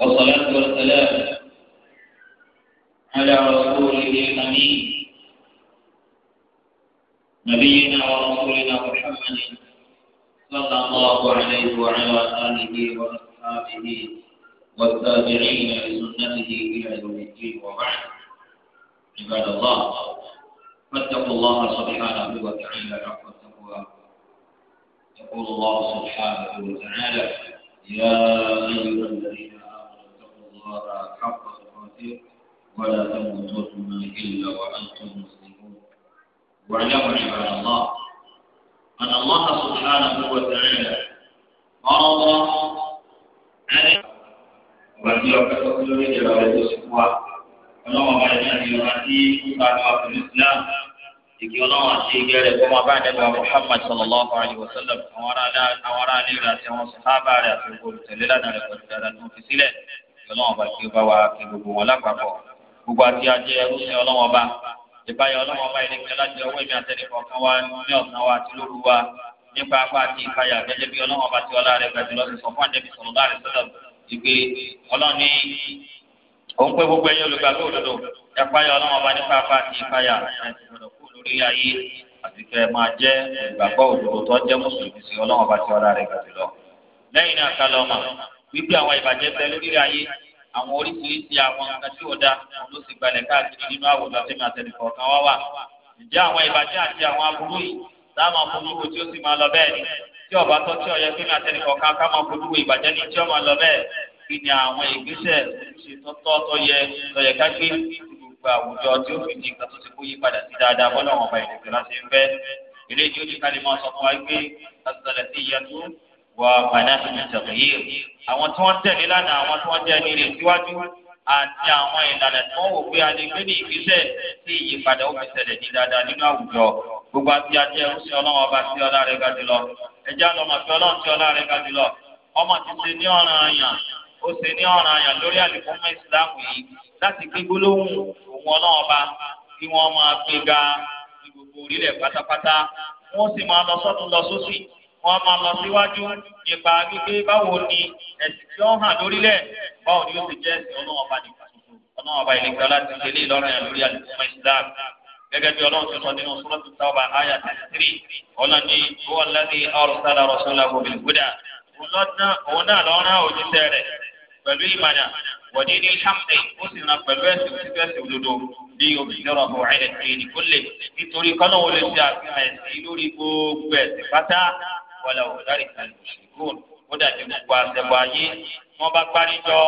والصلاة والسلام على رسوله الأمين نبينا ورسولنا محمد صلى الله عليه وعلى آله وأصحابه والتابعين لسنته إلى يوم الدين وبعد عباد الله فاتقوا الله سبحانه وتعالى حق التقوى يقول الله سبحانه وتعالى يا أيها الذين الله حق تقاته ولا تموتن إلا وأنتم مسلمون واعلموا عباد الله أن الله سبحانه وتعالى قال أن وبعدين وقت كل رجل على الأسبوع ọlọ́wọ́ bá yẹn ní ọ̀rọ̀ àti ìgbà tó àpò islam ìgbì ọlọ́wọ́ àti ìgbà rẹ̀ kọ́ máa bá ẹ̀dẹ́gbà muhammad sallallahu alayhi wa sallam àwọn ará ilé rẹ̀ àti àwọn sàhábà rẹ̀ àti gbogbo olùtẹ̀lé lánàá rẹ̀ pẹ̀lú dáadáa tó fi sílẹ̀ ọlọ́run ọba kí ó bá wa kí gbogbo wọn lápapọ̀ gbogbo àti ajé ẹrúṣẹ́ ọlọ́run ọba ìbáyọ̀ ọlọ́run ọba ìrìnkẹ́ láti ọwọ́ èmi àtẹnìkọ̀ kan wa ní ọ̀sán wa àti lóru wa nípa apá àti ìpayà gẹ́gẹ́ bí ọlọ́run ọba ti ọlá rẹ̀ gbàdú lọ sí sọ fún àdébí sọ̀rọ̀ láàrin sọ̀rọ̀ ìgbé ọlọ́run ní òun pé gbogbo ẹ̀yin olùgbàgbọ́ òdodo ìpayà ọlọ́run ọba nípa apá àti ìpayà ẹ̀ ti gbọdọ̀ kú lórí ayé àti kẹ́ máa jẹ́ ìgbàgbọ́ òdodo tó jẹ́ mùsùlùmí sí ọlọ́run ọba ti ọlá rẹ̀ gbàdú lọ lẹ́yìn náà kálọ̀ ọmọ wípé àwọn ìbàjẹ́ bẹ lórí ayé àwọn oríṣiríṣi àwọn nǹkan tí ò da ló sì gbalẹ̀ káàkiri nínú àwùjọ tí màá tẹ̀lé kọ̀ọ̀kan wá wà. ǹjẹ́ àwọn ìbàjẹ́ àti àwọn aburú yìí táwọn afojúwo tí ó sì máa lọ bẹ́ẹ̀ ni tí ọba tó tí ọyẹ fún mi àtẹnì kọ̀ọ̀kan ká máa fojú wo ìbàjẹ́ ní tí ó máa lọ bẹ́ẹ̀ kí ni àwọn ìgbésẹ̀ ṣe tọ́tọ́ tó yẹ tó yẹ ká gbogbo àwùjọ tí ó fi di nǹkan tó ti kó yí padà sí dáadáa bọ́lá wọn wà bàdàtì ìtàgéyè àwọn tí wọ́n tẹ̀lé lánàá àwọn tí wọ́n jẹ́ nílé síwájú àti àwọn ìlànà tí wọ́n wò pé a lè gbé ní ìgbésẹ̀ tí ìyípadà ó fi ṣẹlẹ̀ ní dáadáa nínú àwùjọ gbogbo àti ajẹ́ oṣù ọlọ́run ọba tí ọlá rẹ̀ ga jùlọ ẹjẹ́ àlọ́mọ̀ tí ọlọ́run tí ọlá rẹ̀ ga jùlọ ọmọ ti ṣe ní ọ̀ràn àyàn ó ṣe ní ọ̀ràn àyàn lórí àlùfọ́mọ́ ìsìláàmù yìí láti gbé gbólóhùn òun ọlọ́run ọba kí wọ́n máa gbé ga ní gbogbo orílẹ̀ pátápátá wọ́n sì máa lọ sọ́tún lọ sósì wọn máa lọ síwájú nípa gbígbé báwo ni ẹ̀sìn tí ó hàn lórílẹ̀ báwo ni ó ti jẹ́ ẹ̀sìn ọlọ́wọ́n ọba nìkan ọlọ́wọ́n ọba ìlẹ̀kẹ́ aláti ìdílé ìlọrin ẹ̀ lórí àlùfáà Islam gẹ́gẹ́ bí ọlọ́run ti sọ nínú sọ́lọ́tù táwọn àyà tẹ̀sítírì ọlọ́ni wọ́n lẹ́ni ọ̀rọ̀sálà rọ̀sọ́lá gbòmìn gbúdà òun náà lọ́rùn òjíṣẹ́ rẹ̀ pẹ̀lú ìmànà wọ̀dí ní hàmdẹ̀ ó sì ràn pẹ̀lú ẹ̀sìn òṣìṣẹ́ ẹ̀sìn òdodo bí obìnrin ọ̀bọ̀ ẹ̀rẹ̀ tìrì nìkólè nítorí kọ́nà wọlé ṣe àfihàn ẹ̀sìn lórí gbogbo ẹ̀sìn pátá wọlé ọ̀dàrí kan lòṣìlóòn ó dàbí gbogbo àṣẹwà ayé wọn bá parí jọ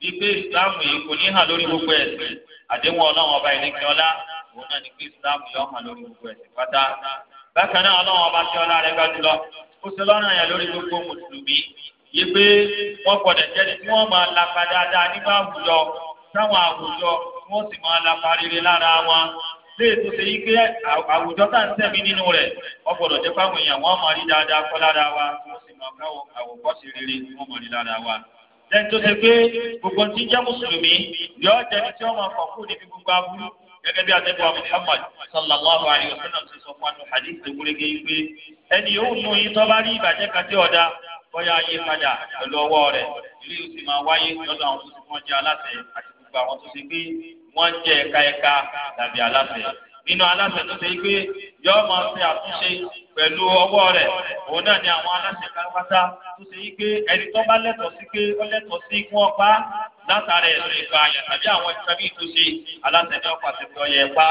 wípé ìsìláàmù yìí kò ní hàn lórí gbogbo ẹ̀sìn àdéhùn ọlọ́run ọba ìlẹ́kẹ́ ọlá òun náà ni pé ìsìláàmù yóò hàn lórí gbogbo ẹ̀sìn pátá bákan náà ọlọ́run ọba tí ọlá rẹ̀ gbájú lọ ó ṣe lọ́rùn yẹn lórí gbogbo mùsùlùmí yìí pé wọ́n gbọ́dọ̀ jẹ́ni tí wọ́n máa lapa dáadáa nígbà àwùjọ táwọn àwùjọ wọ́n sì máa lapa rere lára wọn léè tó ṣe yí pé àwùjọ tá à ń sẹ́mi nínú rẹ̀ wọ́n gbọ́dọ̀ jẹ́ fáwọn èèyàn máa rí dáadáa kọ́ lára wa wọ́n sì máa rere wa. lẹ́yìn tó ṣe pé gbogbo tí jẹ́ mùsùlùmí yọ tí wọ́n máa fọ̀ níbi gbogbo aburú gẹ́gẹ́ bí Muhammad sallallahu alayhi wa sallam sọ fún anu hadith tó yí gbogbo àwọn tó ṣe pé wọ́n jẹ́ ẹ̀ka ẹ̀ka tàbí aláṣẹ nínú aláṣẹ tó ṣe pé yọ máa ṣe àtúnṣe pẹ̀lú ọwọ́ rẹ̀ òun náà ni àwọn aláṣẹ kápátá tó ṣe pé ẹni tó bá lẹ́tọ̀ọ́ sí pé ó lẹ́tọ̀ọ́ sí kí wọ́n pa ẹ̀sùn ìpààyàn tàbí àwọn ìtàbí ìtúnṣe aláṣẹ ní ọ̀pá àti ìtọ́yẹ pa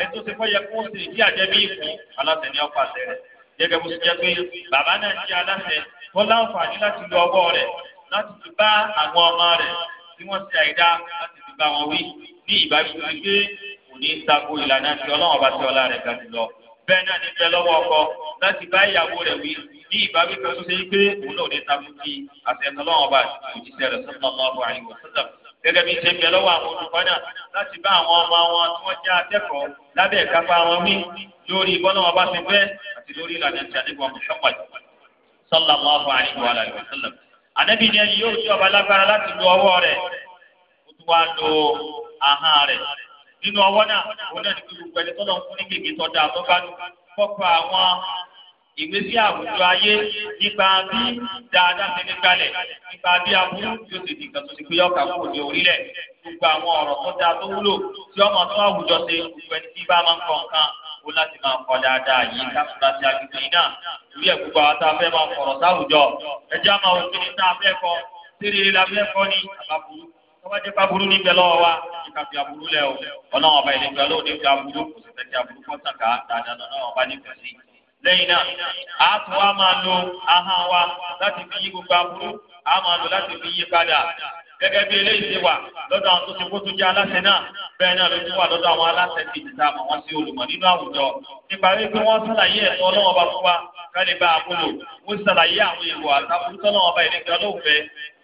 ẹni tó ṣe fọ́ yẹ kó ṣe ìdí àjẹbí ìfún aláṣẹ ní ọ̀pá àṣẹ rẹ̀ gẹ́gẹ́ bó ṣe jẹ́ pé bàbá náà jẹ́ aláṣẹ tó láǹfààní láti lo ọwọ́ rẹ̀ láti fi bá àwọn ọmọ rẹ̀ tí wọ́n ti àìdá láti fi bá wọn wí ní ìbáṣe ti gbé òní sako ìlànà tí ọlọ́run ọba tí ọlá rẹ̀ ga jùlọ. bẹ́ẹ̀ náà ní bẹ́ẹ̀ lọ́wọ́ ọkọ láti bá ìyàwó rẹ̀ wí ní ìbáwí kan tó ṣe é pé òun náà ní sako ti àtẹ̀tẹ̀ ọlọ́run ọba òjíṣẹ́ rẹ̀ sallallahu alaihi wasallam gẹ́gẹ́ bí ṣe bẹ lọ́wọ́ àwọn olùkọ́ láti bá àwọn ọmọ wọn tí wọ́n jẹ́ akẹ́kọ̀ọ́ lábẹ́ ìkápá wọn wí lórí bọ́lá bá ti fẹ́ àti lórí ìlànà ìṣàlẹ̀ wọn Muhammad sallallahu alaihi wa sallam ànábì ni ẹni yóò tí ọba lágbára láti lu ọwọ́ rẹ̀ kó tó wá lo ahọ́n rẹ̀ nínú ọwọ́ náà òun náà ní kí gbogbo ẹni tọ́lọ̀ ń fún ní gègé tọ́jà tó bá lù kọ́kọ́ àwọn ìgbésí àwùjọ ayé nípa bí dáadáa ti ní kalẹ̀ nípa bí aburú yóò ti di nǹkan tó pé ọkà kúrò ní orílẹ̀ gbogbo àwọn ọ̀rọ̀ tó dáa tó wúlò tí ọmọ tó àwùjọ ṣe gbogbo ẹni tí bá máa ń kọ gbogbo láti máa kọ dáadáa yìí káfíńtà sí agbègbè yìí náà torí ẹ̀ gbogbo àwọn tá a fẹ́ máa kọ̀rọ̀ sáwùjọ ẹjẹ́ àmà òfin tá a fẹ́ kọ sírí la fẹ́ kọ́ ní àbábúrú tọ́wájú bá burú níbẹ̀ lọ́wọ́ wa ní ká fi aburú lẹ̀ o ọlọ́run ọba ìlẹ́jọ́ lóò ní fi aburú kò sì fẹ́ fi aburú kọ́ sàkà dáadáa lọ́wọ́ ọba nífẹ̀ẹ́ sí i lẹ́yìn náà a tún wá máa lo ahọ́n wa láti fi yí gbogbo aburú a máa lo láti fi yí padà gẹ́gẹ́ bí eléyìí ti wà lọ́dọ̀ àwọn tó ti kó tó jẹ́ aláṣẹ náà bẹ́ẹ̀ náà ló ti wà lọ́dọ̀ àwọn aláṣẹ ti ti ta àmọ́ wọn sí olùmọ̀ nínú àwùjọ nípa wípé wọ́n sàlàyé ẹ̀tọ́ ọlọ́wọ́n bá fún wa kálí bá àbúrò wọ́n sàlàyé àwọn èrò àtàkùntọ́ náà bá ìlẹ́gbẹ́ ọlọ́ọ̀fẹ́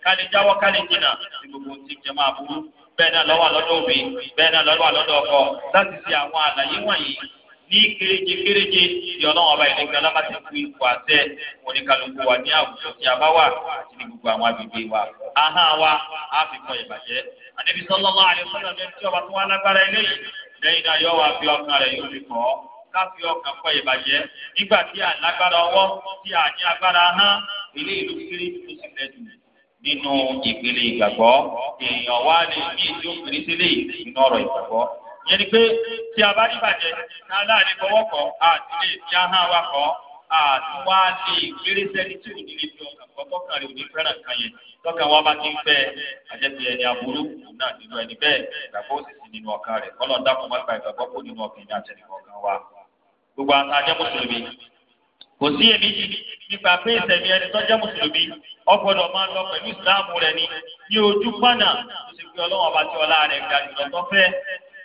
kálí jáwọ́ kálí jìnnà ti gbogbo ti jẹ máa burú bẹ́ẹ̀ náà lọ́wọ́ lọ́dọ̀ òbí bẹ́ẹ̀ náà lọ́wọ́ lọ́dọ̀ ọkọ láti ṣe àwọn àlàyé wọ̀nyí tí kéréje ti ọlọ́run ọba ìlẹ́gbẹ́ alábàtí fún ipò àtẹ oníkàlùkù wa ní àwùjọ tí a bá wà ní gbogbo àwọn agbègbè wa. aha wa á fi kọ ìbàjẹ́. àdébí sọ́lá máa lè sọ́dọ̀ tí ọba tó lágbára náà yọ wá ọkàn yóò fi ká fi ọkàn kọ ìbàjẹ́ nígbà tí lágbára yẹn pe pé tí a bá rí bàjẹ́ náà láàrin fọwọ́kọ̀ àti lè fi ahọ́n wa kọ́ àti wá lè gbére sẹ́ni tí ní lè ní fẹ́ràn kan yẹn tọ́kàn wa bá ti ń fẹ́ àjẹsí ẹni aburú náà nínú ẹni bẹ́ẹ̀ ìgbàgbọ́ òṣìṣẹ́ nínú rẹ̀ dákun gba ìgbàgbọ́ kó nínú wa gbogbo ajẹ́ mùsùlùmí kò sí èmi nípa pé ìsẹ̀mí ẹni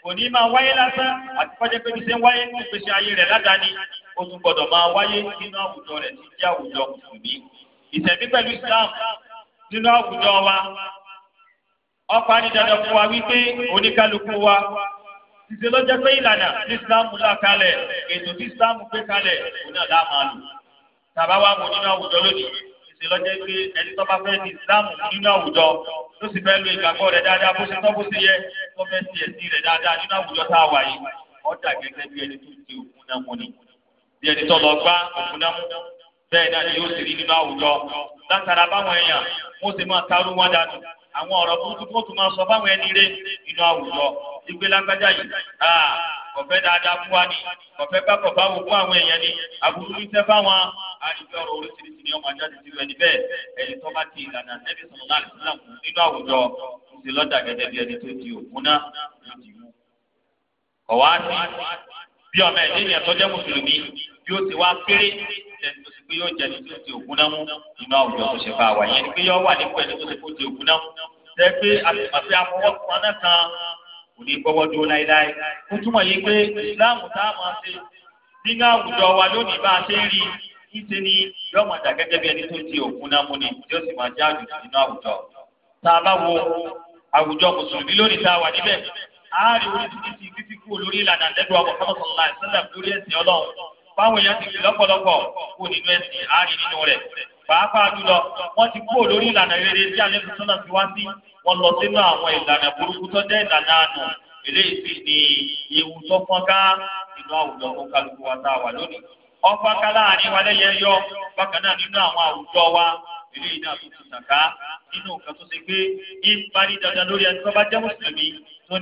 kò ní máa wáyé lásán àti kọ́jẹ́ pé bí ṣe ń wáyé ní ìgbésí ayé rẹ̀ ládàáni ó tún gbọ́dọ̀ máa wáyé nínú àwùjọ rẹ̀ tí jẹ́ àwùjọ mùsùlùmí. ìṣẹ̀bí pẹ̀lú Islam nínú àwùjọ wa ọ̀pá ní dandan fún wa wípé oníkálukú wa ṣìṣe ló jẹ́ pé ìlànà tí Islam là kalẹ̀ ètò tí Islam gbé kalẹ̀ òun náà lá máa lò tàbá wa mú nínú àwùjọ lónìí ṣe lọ́jọ́ pé ẹni tó bá fẹ́ di ìsìláàmù nínú àwùjọ tó sì fẹ́ lo ìgbàgbọ́ rẹ̀ dáadáa bó ṣe tọ́ bó ṣe yẹ tó fẹ́ ti ẹ̀sìn rẹ̀ dáadáa nínú àwùjọ tá a wà yìí wọ́n dà gẹ́gẹ́ bí ẹni tó ti òkun náà mú ni bí ẹni tó lọ gbá òkun náà mú bẹ́ẹ̀ náà ni yóò sì rí nínú àwùjọ látara báwọn èèyàn wọ́n sì máa tarú wọn dànù àwọn ọ̀rọ̀ burúkú tó máa sọ báwọn ẹni rẹ̀ nínú àwùjọ ìgbélágbájá yìí kọ̀fẹ́ dáadáa fún wa ni kọ̀fẹ́ bá kọ̀fẹ́ wò fún àwọn èèyàn ni aburú iṣẹ́ fáwọn àríjọ́rò oríṣiríṣi ni ọmọ ajáde ti rẹ̀ níbẹ̀ ẹni tó bá ti ìlànà nẹ́bí sọ̀rọ̀ náà sílẹ̀ kù nínú àwùjọ ṣe lọ́dà gẹ́gẹ́ bí ẹni tó di òkun náà ló ti mú. ọ̀wá sí bí ọmọ ẹ̀dẹ́ ènìyàn tó jẹ́ mùsùlùmí bí ó ti wá kéré lẹ́nu tó ti pé yóò jẹ́ ni pé yóò wà nípò ẹni tó ti kó ti kò ní gbọ́wọ́ dúró láéláé ó túmọ̀ yìí pé ìsìláàmù tá ṣe nínú àwùjọ wa lónìí bá a ṣe ń rí níṣe ni yóò máa dà gẹ́gẹ́ bí ẹni tó ti òkun náà mú ni tí ó sì máa jẹ́ àjòjì nínú àwùjọ tá a bá wo àwùjọ mùsùlùmí lónìí tá a wà níbẹ̀ a rí oríṣiríṣi fífi kú lórí ìlànà lẹ́dùn ọmọ fọlọ́sọ̀lá ìṣẹ̀lẹ̀ lórí ẹ̀sìn ọlọ́run báwọn èèyàn ti fi lọ́pọ̀lọpọ̀ kú nínú ẹ̀sìn a rí nínú rẹ̀ pàápàá jùlọ wọn ti kúrò lórí ìlànà rere tí alẹ́ tuntun náà ti wá sí wọ́n lọ sínú àwọn ìlànà burúkú tó jẹ́ ìlànà àná eléyìí sì ni ewu tó fọ́n ká nínú àwùjọ fún kálukú wa tá a wà lónìí. wa yọ bákan náà nínú àwọn àwùjọ wa eléyìí náà tuntun nínú nǹkan tó ṣe pé ìparí dandan lórí ẹni tó bá jẹ́ mùsùlùmí tó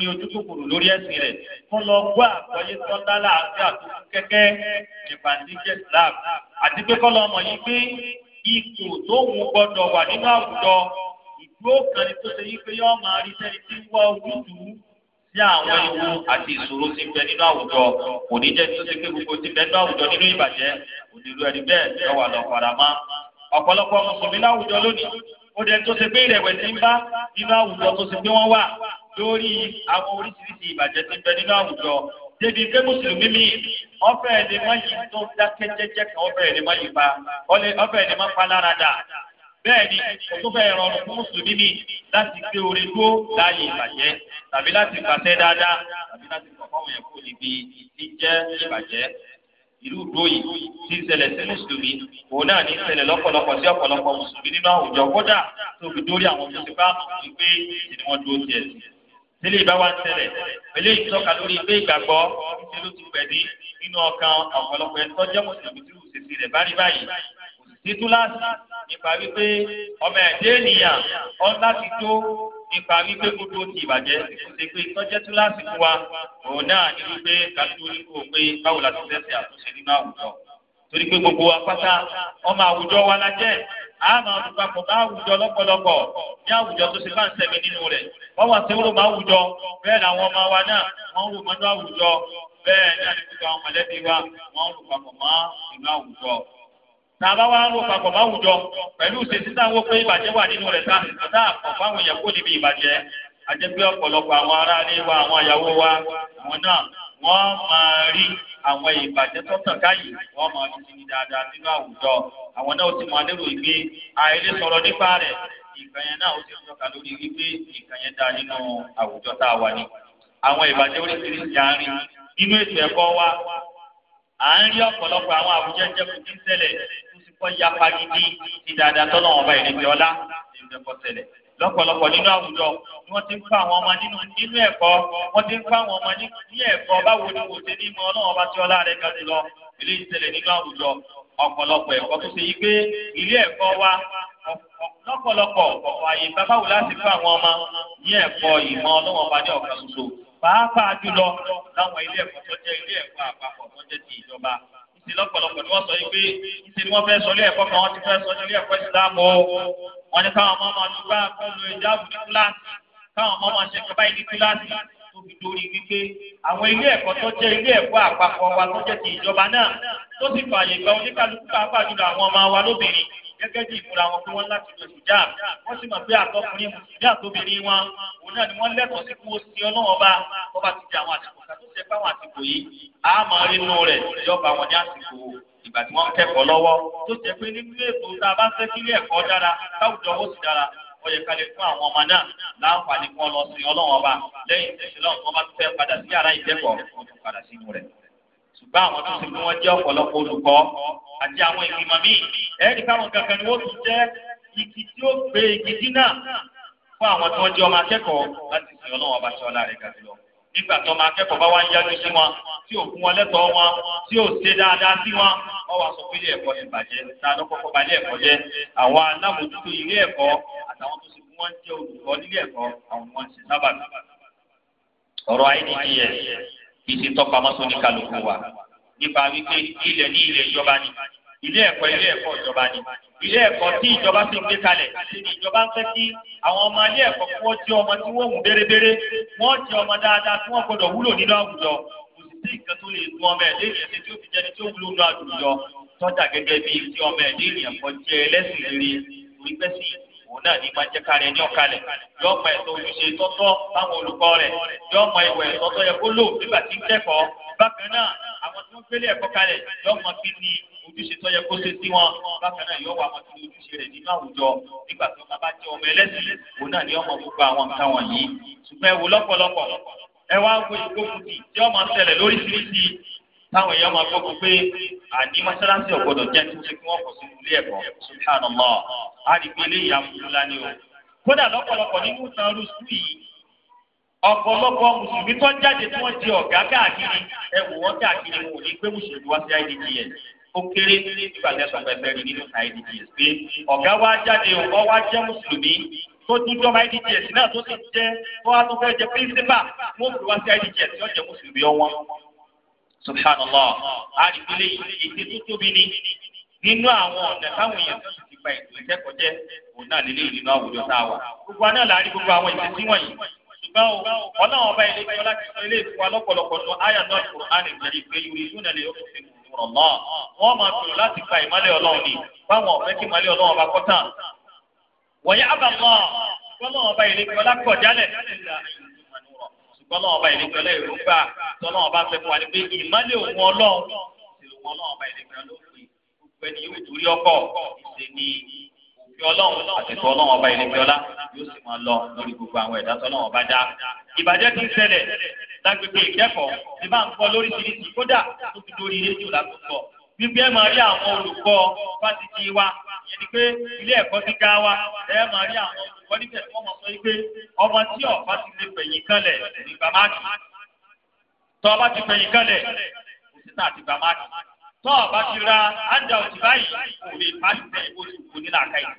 ní ipò tóun gbọdọ̀ wà nínú àwùjọ ìdúró kan ni tó ṣe yí pé yọ́ọ́ máa rí sẹ́ni tí ń wá ojútùú sí àwọn ewu àti ìṣòro tí ń bẹ nínú àwùjọ kò ní jẹ́ tó ṣe pé gbogbo tí ń bẹ nínú àwùjọ nínú ìbàjẹ́ onírú ẹni bẹ́ẹ̀ lọ́wọ́ àlọ́ fara mọ́ ọ̀pọ̀lọpọ̀ mùsùlùmí láwùjọ lónìí ó dẹ̀ tó ṣe pé ìrẹ̀wẹ̀sì ń bá nínú àwùjọ tó ṣe pé wọ́n wà lórí àwọn oríṣiríṣi ìbàjẹ́ tí ń bẹ nínú àwùjọ débi pé mùsùlùmí mi ọfẹ ẹni má yìí tó dákẹ́ jẹ́jẹ́ kan ọfẹ ẹni má yìí pa ọfẹ ẹni má pa lára dà bẹ́ẹ̀ ni òtún fẹ́ rọrùn fún mùsùlùmí mi láti gbé orí dúró láàyè ìbàjẹ́ tàbí láti pàṣẹ dáadáa tàbí láti kọ̀ọ̀kan òun kó níbi tí jẹ́ ìbàjẹ́ ìlú dóyì tí ń ṣẹlẹ̀ sí mùsùlùmí òun náà ní ṣẹlẹ̀ lọ́pọ̀lọpọ̀ sí ọ̀pọ̀lọpọ̀ mùsùlùmí nínú àwùjọ kódà tó fi dórí àwọn mùsùlùmí bá mùsùlùmí pé ìdí dúró tiẹ̀ sí i sílẹ̀ ìbá wa ń tẹ̀lẹ̀ eléyìí tọ́ka lórí pé ìgbàgbọ́ ṣe ló ti pẹ̀lú nínú ọkàn ọ̀pọ̀lọpọ̀ ẹni tọ́jọ́ mùsùlùmí tí òṣèṣì rẹ̀ bá rí báyìí òṣìṣẹ́ túláàsì nípa wípé ọmọ ẹ̀dẹ́ ènìyàn ọ̀n láti tó nípa wípé gbogbo ti ìbàjẹ́ ṣe pé tọ́jẹ́ túláàsì fún wa òun náà ni wípé kátó kò pé báwo la ti fẹ́ àtúnṣe nínú àwùjọ torí pé gbogbo apáta ọmọ àwùjọ wa la jẹ́ a máa dùn papọ̀ bá àwùjọ lọ́pọ̀lọpọ̀ ní àwùjọ tó ṣe fáǹsẹ̀ mi nínú rẹ̀ wọ́n wà sí ròmọ́ àwùjọ bẹ́ẹ̀ làwọn ọmọ wa náà wọ́n ń ròmọ́ àwùjọ bẹ́ẹ̀ ní àwọn mọ̀lẹ́bí wa wọ́n rò papọ̀ mọ́ ìlú àwùjọ wa ń rò papọ̀ pẹ̀lú pé ìbàjẹ́ wà nínú rẹ̀ fáwọn èèyàn kó wọ́n máa rí àwọn ìbàjẹ́ tó tàn káyìí wọ́n máa fi sinmi dáadáa nínú àwùjọ àwọn náà ti máa lérò ìgbé àìlè sọ̀rọ̀ nípa rẹ̀ ìkan yẹn náà ó ti tọ́ka lórí wípé ìkan yẹn dá nínú àwùjọ tá a wà ní. àwọn ìbàjẹ́ oríṣiríṣi à ń rí nínú ètò ẹ̀kọ́ wa à ń rí ọ̀pọ̀lọpọ̀ àwọn àwùjọ jẹ́ kó ti ń ṣẹlẹ̀ tó ti kọ́ yapa gidi ti dáadáa tọ́lọ́wọ́n lọ́pọ̀lọpọ̀ nínú àwùjọ ni wọ́n ti ń kọ́ àwọn ọmọ nínú nínú ẹ̀kọ́ wọ́n ti ń kọ́ àwọn ọmọ ní ẹ̀kọ́ báwo ni wò ní ìmọ̀ ọlọ́run ọba tí ọlá rẹ̀ ga jù lọ ilé ìṣẹ̀lẹ̀ nínú àwùjọ ọ̀pọ̀lọpọ̀ ẹ̀kọ́ tó ṣe yí pé ilé ẹ̀kọ́ wa lọ́pọ̀lọpọ̀ àyè báwo láti kọ́ àwọn ọmọ ní ẹ̀kọ́ ìmọ̀ ọlọ́run ọba ní ọ̀kan ṣoṣo pàápàá jùlọ láwọn ilé ẹ̀kọ́ tó jẹ́ ilé ẹ̀kọ́ àpapọ̀ tó jẹ́ ti ìjọba ní lọ́pọ̀lọpọ̀ ni wọ́n sọ yìí pé ṣe ni wọ́n fẹ́ sọ ilé ẹ̀kọ́ kan wọ́n ti fẹ́ sọ ilé ẹ̀kọ́ ìsìlámù o wọ́n ní káwọn ọmọ máa dùgbà pẹ̀lú ìjáàbù ní kíláàsì káwọn ọmọ máa ṣe kaba ní kíláàsì tó fi dórí wípé àwọn ilé ẹ̀kọ́ tó jẹ́ ilé ẹ̀kọ́ àpapọ̀ wa tó jẹ́ ti ìjọba náà tó sì fààyè gba oníkálukú pàápàá jùlọ àwọn ọmọ wa lóbìnrin gẹ́gẹ́ bí ìmúra wọn pé wọ́n láti lọ ìjà wọ́n sì mọ̀ pé àtọkùnrin mùsùlùmí àtobìnrin wọn òun náà ni wọ́n lẹ́tọ̀ọ́ sí kí wọ́n sin ọlọ́wọ́n bá wọ́n bá ti di àwọn àdàkọ̀ fáwọn àsìkò yìí a máa rí inú rẹ̀ yọba wọn ní àsìkò ìgbà tí wọ́n ń kẹ́kọ̀ọ́ lọ́wọ́ tó jẹ́ pé nínú ètò tá a bá fẹ́ kílé ẹ̀kọ́ dára káwùjọ owó sì dára ó yẹ ká lè fún àwọn ọmọ náà láǹfààní kí wọ́n lọ sin ọlọ́run ọba lẹ́yìn ìṣẹ̀lẹ̀ náà wọ́n bá tún fẹ́ padà sí yàrá ìkẹ́kọ̀ọ́ wọ́n tún padà sínú rẹ̀. ṣùgbọ́n àwọn tó ti mú wọn jẹ́ ọ̀pọ̀lọpọ̀ olùkọ́ àti àwọn ìgbìmọ̀ míì ẹ̀ẹ́dì káwọn kankan ni wọ́n tún jẹ́ igi tí ó gbé igi dínà fún àwọn tí wọ́n jẹ́ ọmọ akẹ́kọ̀ọ́ láti sin ọlọ́run ọba ṣọlá rẹ̀ gàdúrà nígbà tó máa kẹ́kọ̀ọ́ bá wá ń yájú sí wọn tí ò fún wọn lẹ́tọ̀ọ́ wọn tí ò ṣe dáadáa sí wọn wọ́n wá sọ pé ilé ẹ̀kọ́ yẹn bàjẹ́ tá a lọ kọ́kọ́ ba ilé ẹ̀kọ́ jẹ́ àwọn alámòjútó ilé ẹ̀kọ́ àtàwọn tó sì fún wọn jẹ́ olùkọ́ nílé ẹ̀kọ́ àwọn wọn sì sábà mi. ọ̀rọ̀ idps kì í ṣe tọ́pamọ́sọ ní wa nípa wípé ilẹ̀ ní ilẹ̀ ìjọba ni ilé ẹ̀kọ́ ilé ẹ̀kọ́ ìjọba ni ilé ẹ̀kọ́ tí ìjọba ti gbé kalẹ̀ ṣe ni ìjọba ń fẹ́ kí àwọn ọmọ ilé ẹ̀kọ́ kí wọ́n jẹ́ ọmọ tí wọ́n mú bérebére wọ́n jẹ́ ọmọ dáadáa tí wọ́n gbọ́dọ̀ wúlò nínú àwùjọ kò sì sí nǹkan tó lè mú ọmọ ẹ̀ lé ìrẹsì tí ó fi jẹni tí ó wúlò nínú àwùjọ tọ́jà gẹ́gẹ́ bíi tí ọmọ ẹ̀ lé ìrìn òun náà ní máa jẹ́ kárẹ̀ ní ọ̀kalẹ̀ yọ ọmọ ẹ̀tọ́ ojúṣe tọ́tọ́ táwọn olùkọ́ rẹ̀ yọ ọmọ ìwẹ̀ tọ́tọ́ yẹ kó lò nígbà tí ń kẹ́kọ̀ọ́ bákan náà àwọn tí wọ́n gbélé ẹ̀kọ́ kalẹ̀ yọ ọmọ kí ni ojúṣe tó yẹ kó ṣe sí wọn bákan náà yọ wọ àwọn tí ojúṣe rẹ̀ nínú àwùjọ nígbà tí wọ́n bá jẹ́ ọmọ ẹlẹ́sìn òun náà ní ọmọ gbogbo àwọn nǹkan wọ̀nyí ṣùgbọ́n ẹ wo lọ́pọ̀lọpọ̀ ẹ wá wo ìgbógun tí ọmọ ń ṣẹlẹ̀ lóríṣiríṣi táwọn èèyàn máa gbọ́ pé àní mọ́ṣáláṣí ọ̀gbọ́dọ̀ jẹ́ níṣẹ́ kí wọ́n kọ̀ sí ilé ẹ̀kọ́ subhanallah á rí pé eléyìí amúlá ni o. kódà lọ́pọ̀lọpọ̀ nínú sanru sùn yìí ọ̀pọ̀lọpọ̀ mùsùlùmí tó jáde tí wọ́n di ọ̀gá káàkiri ẹ wò wọ́n káàkiri wọn ò ní gbé mùsùlùmí wá sí idgs ó kéré nígbà tẹ́sán pẹpẹ rí nínú idgs pé ọ̀gá wa jáde ọ̀gá wa jẹ́ mùsùlùmí tó tún jọba idgs náà tó sì jẹ́ tó wá tó fẹ́ jẹ́ pírísípà wọ́n fi wá sí idgs tí wọ́n jẹ́ mùsùlùmí ọ̀wọ́n subhanallah àdìgbélé ètè tó tóbi ni nínú àwọn ọ̀nà táwọn èèyàn tó ti gba ètò ìkẹ́kọ̀ọ́ jẹ́ òun náà lélẹ́yìn nínú àwùjọ tá a wà gbogbo àná là á rí gbogbo àwọn ìṣesí wọ̀nyí ṣùgbọ́n o ọlọ́run ọba ilé ìjọ láti sọ ilé ìfún lọ́pọ̀lọpọ̀ nù àyà náà kò á lè gbẹ̀rẹ̀ pé yorì lónà lè yọkùn sí ìmọ̀ràn náà wọ́n máa bèrò láti gba ìmọ̀lẹ̀ ọlọ́run ni báwọn ọ̀fẹ́ kí ìmọ̀lẹ̀ ọlọ́run tọ́nà ọba ìlẹ́kẹ́ ọlẹ́ ìlú gbà tọ́nà ọba fẹ́ fún wa ni pé ìmọ́lẹ̀ òun ọlọ́run ìlú wọn náà ọba ìlẹ́kẹ́ ló pè gbogbo ẹni yóò torí ọkọ̀ ìṣe ni òfin ọlọ́run àtẹ̀tọ̀ ọlọ́run ọba ìlẹ́kẹ́ ọlá yóò sì máa lọ lórí gbogbo àwọn ẹ̀dá tọ́nà ọba dá. ìbàjẹ́ ti ń ṣẹlẹ̀ lágbègbè ìkẹ́kọ̀ọ́ ti bá ń kọ́ lóríṣiríṣi kódà tó fi lórí gbígbé ẹ máa rí àwọn olùkọ́ fásitì wa ìyẹn ni pé ilé ẹ̀kọ́ gíga wa ẹ máa rí àwọn wọ́n níbẹ̀ wọ́n mọ̀ sọ pé ọmọ tí ọba ti lè pẹ̀yìn kalẹ̀ ìgbà máàkì tọ́ ọba ti pẹ̀yìn kalẹ̀ òṣìṣẹ́ àti ìgbà máàkì tọ́ ọba ti ra ájà òtí báyìí kò lè pàṣẹ bẹ́ẹ̀ bó ti kò ní làákà yìí.